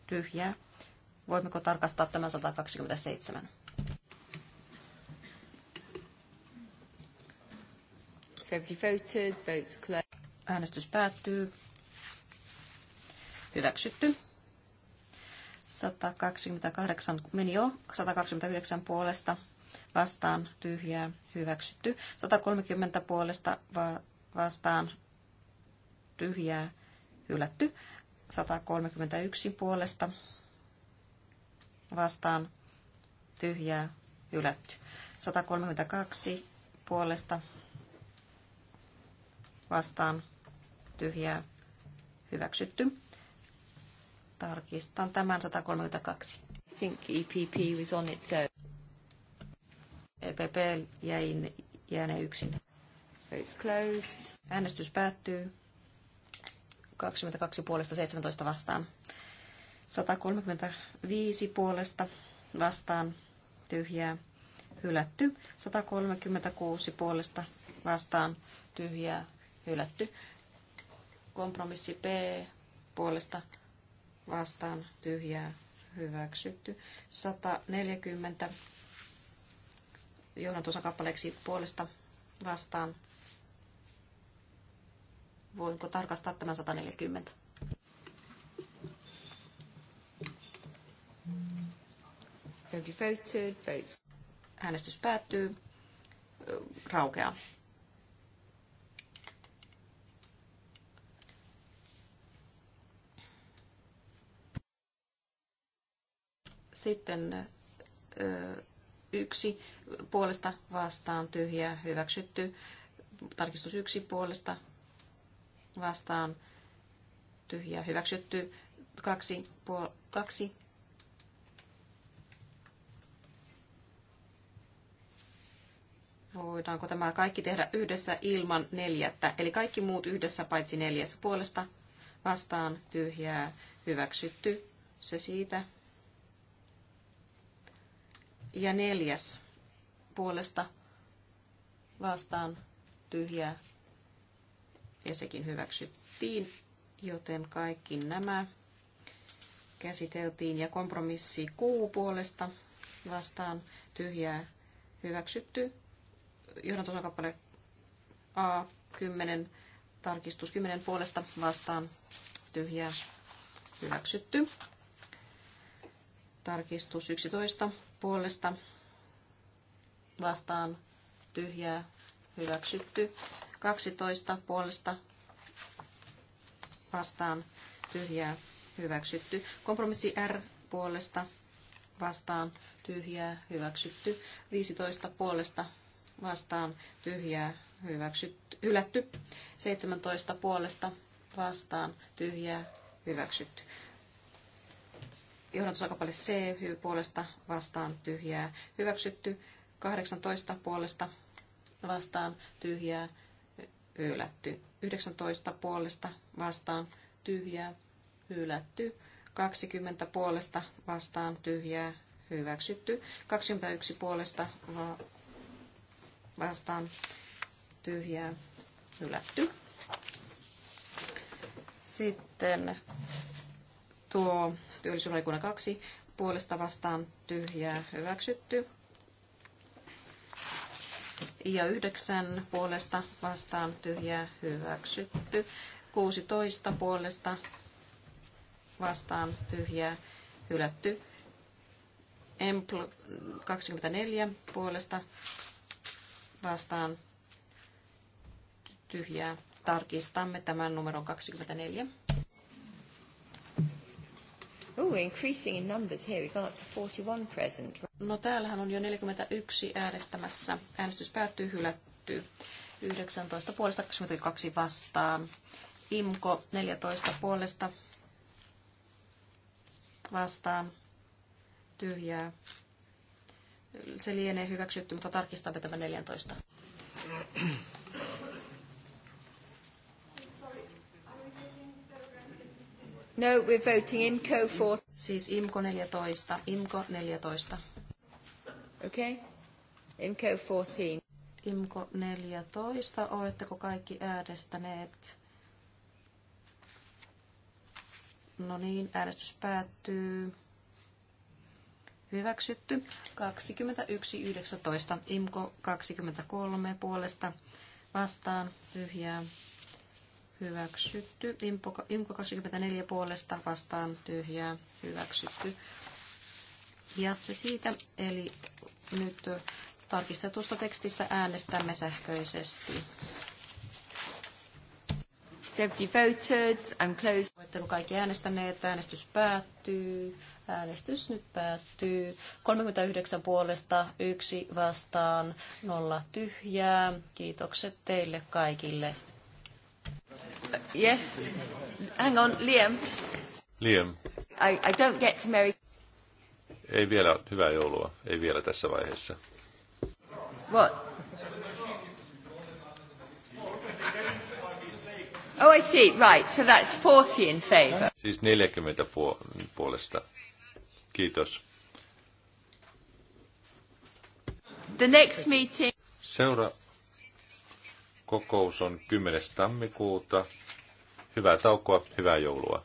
tyhjä. Voimmeko tarkastaa tämän 127? Äänestys päättyy hyväksytty. 128 meni jo, 129 puolesta vastaan tyhjää hyväksytty. 130 puolesta va- vastaan tyhjää hylätty. 131 puolesta vastaan tyhjää hylätty. 132 puolesta vastaan tyhjää hyväksytty. Tarkistan tämän 132. I think EPP was on its own. EPP jäi jääne yksin. It's closed. Äänestys päättyy. 22 puolesta 17 vastaan. 135 puolesta vastaan tyhjää hylätty. 136 puolesta vastaan tyhjää hylätty. Kompromissi B puolesta vastaan tyhjää hyväksytty. 140 kappaleeksi puolesta vastaan. Voinko tarkastaa tämän 140? Äänestys päättyy. Raukeaa. Sitten yksi puolesta vastaan tyhjää hyväksytty. Tarkistus yksi puolesta vastaan tyhjää hyväksytty. Kaksi, puol- kaksi Voidaanko tämä kaikki tehdä yhdessä ilman neljättä? Eli kaikki muut yhdessä paitsi neljäs puolesta vastaan tyhjää hyväksytty. Se siitä ja neljäs puolesta vastaan tyhjää ja sekin hyväksyttiin, joten kaikki nämä käsiteltiin ja kompromissi Q puolesta vastaan tyhjää hyväksytty. Johdantosakappale A10 tarkistus 10 puolesta vastaan tyhjää hyväksytty. Tarkistus 11 puolesta vastaan tyhjää hyväksytty. 12 puolesta vastaan tyhjää hyväksytty. Kompromissi R puolesta vastaan tyhjää hyväksytty. 15 puolesta vastaan tyhjää hyväksytty, hylätty. 17 puolesta vastaan tyhjää hyväksytty. Johdatusakapalle C puolesta vastaan tyhjää hyväksytty. 18 puolesta vastaan tyhjää hylätty. 19 puolesta vastaan tyhjää hylätty. 20 puolesta vastaan tyhjää hyväksytty. 21 puolesta va- vastaan tyhjää hylätty. Sitten tuo työllisyysvaliokunnan kaksi puolesta vastaan tyhjää hyväksytty. Ja yhdeksän puolesta vastaan tyhjää hyväksytty. 16 puolesta vastaan tyhjää hylätty. Empl 24 puolesta vastaan tyhjää. Tarkistamme tämän numeron 24. Ooh, increasing in numbers here. We've gone up to 41 present. No täällähän on jo 41 äänestämässä. Äänestys päättyy hylätty. 19 puolesta 22 vastaan. Imko 14 puolesta vastaan. Tyhjää. Se lienee hyväksytty, mutta tarkistaa tämä 14. No, we're voting IMCO 4. Siis IMCO 14. IMCO 14. Okay. IMCO 14. IMCO 14. Oletteko kaikki äänestäneet? No niin, äänestys päättyy. Hyväksytty. 21.19. IMKO 23 puolesta vastaan. Tyhjää hyväksytty. Imko, Imko 24 puolesta vastaan tyhjää hyväksytty. Ja se siitä, eli nyt tarkistetusta tekstistä äänestämme sähköisesti. Voted. I'm closed. Voitteko kaikki äänestäneet? Äänestys päättyy. Äänestys nyt päättyy. 39 puolesta, yksi vastaan, nolla tyhjää. Kiitokset teille kaikille. Yes. Hang on, Liam. Liam. I, I don't get to marry. Ei vielä hyvää joulua, ei vielä tässä vaiheessa. What? Oh, I see. Right, so that's 40 in favor. Siis 40 puolesta. Kiitos. The next meeting. Seura kokous on 10. tammikuuta. Hyvää taukoa, hyvää joulua.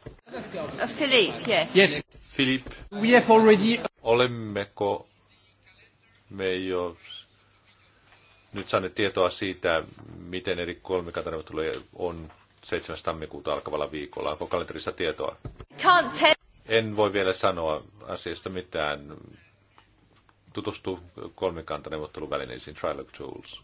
Philip, yes. yes. Philip, we have already... olemmeko me jo nyt saaneet tietoa siitä, miten eri kolmikantaneuvotteluja on 7. tammikuuta alkavalla viikolla. Onko kalenterissa tietoa? En voi vielä sanoa asiasta mitään. Tutustu kolmikantaneuvotteluvälineisiin Trilog Tools.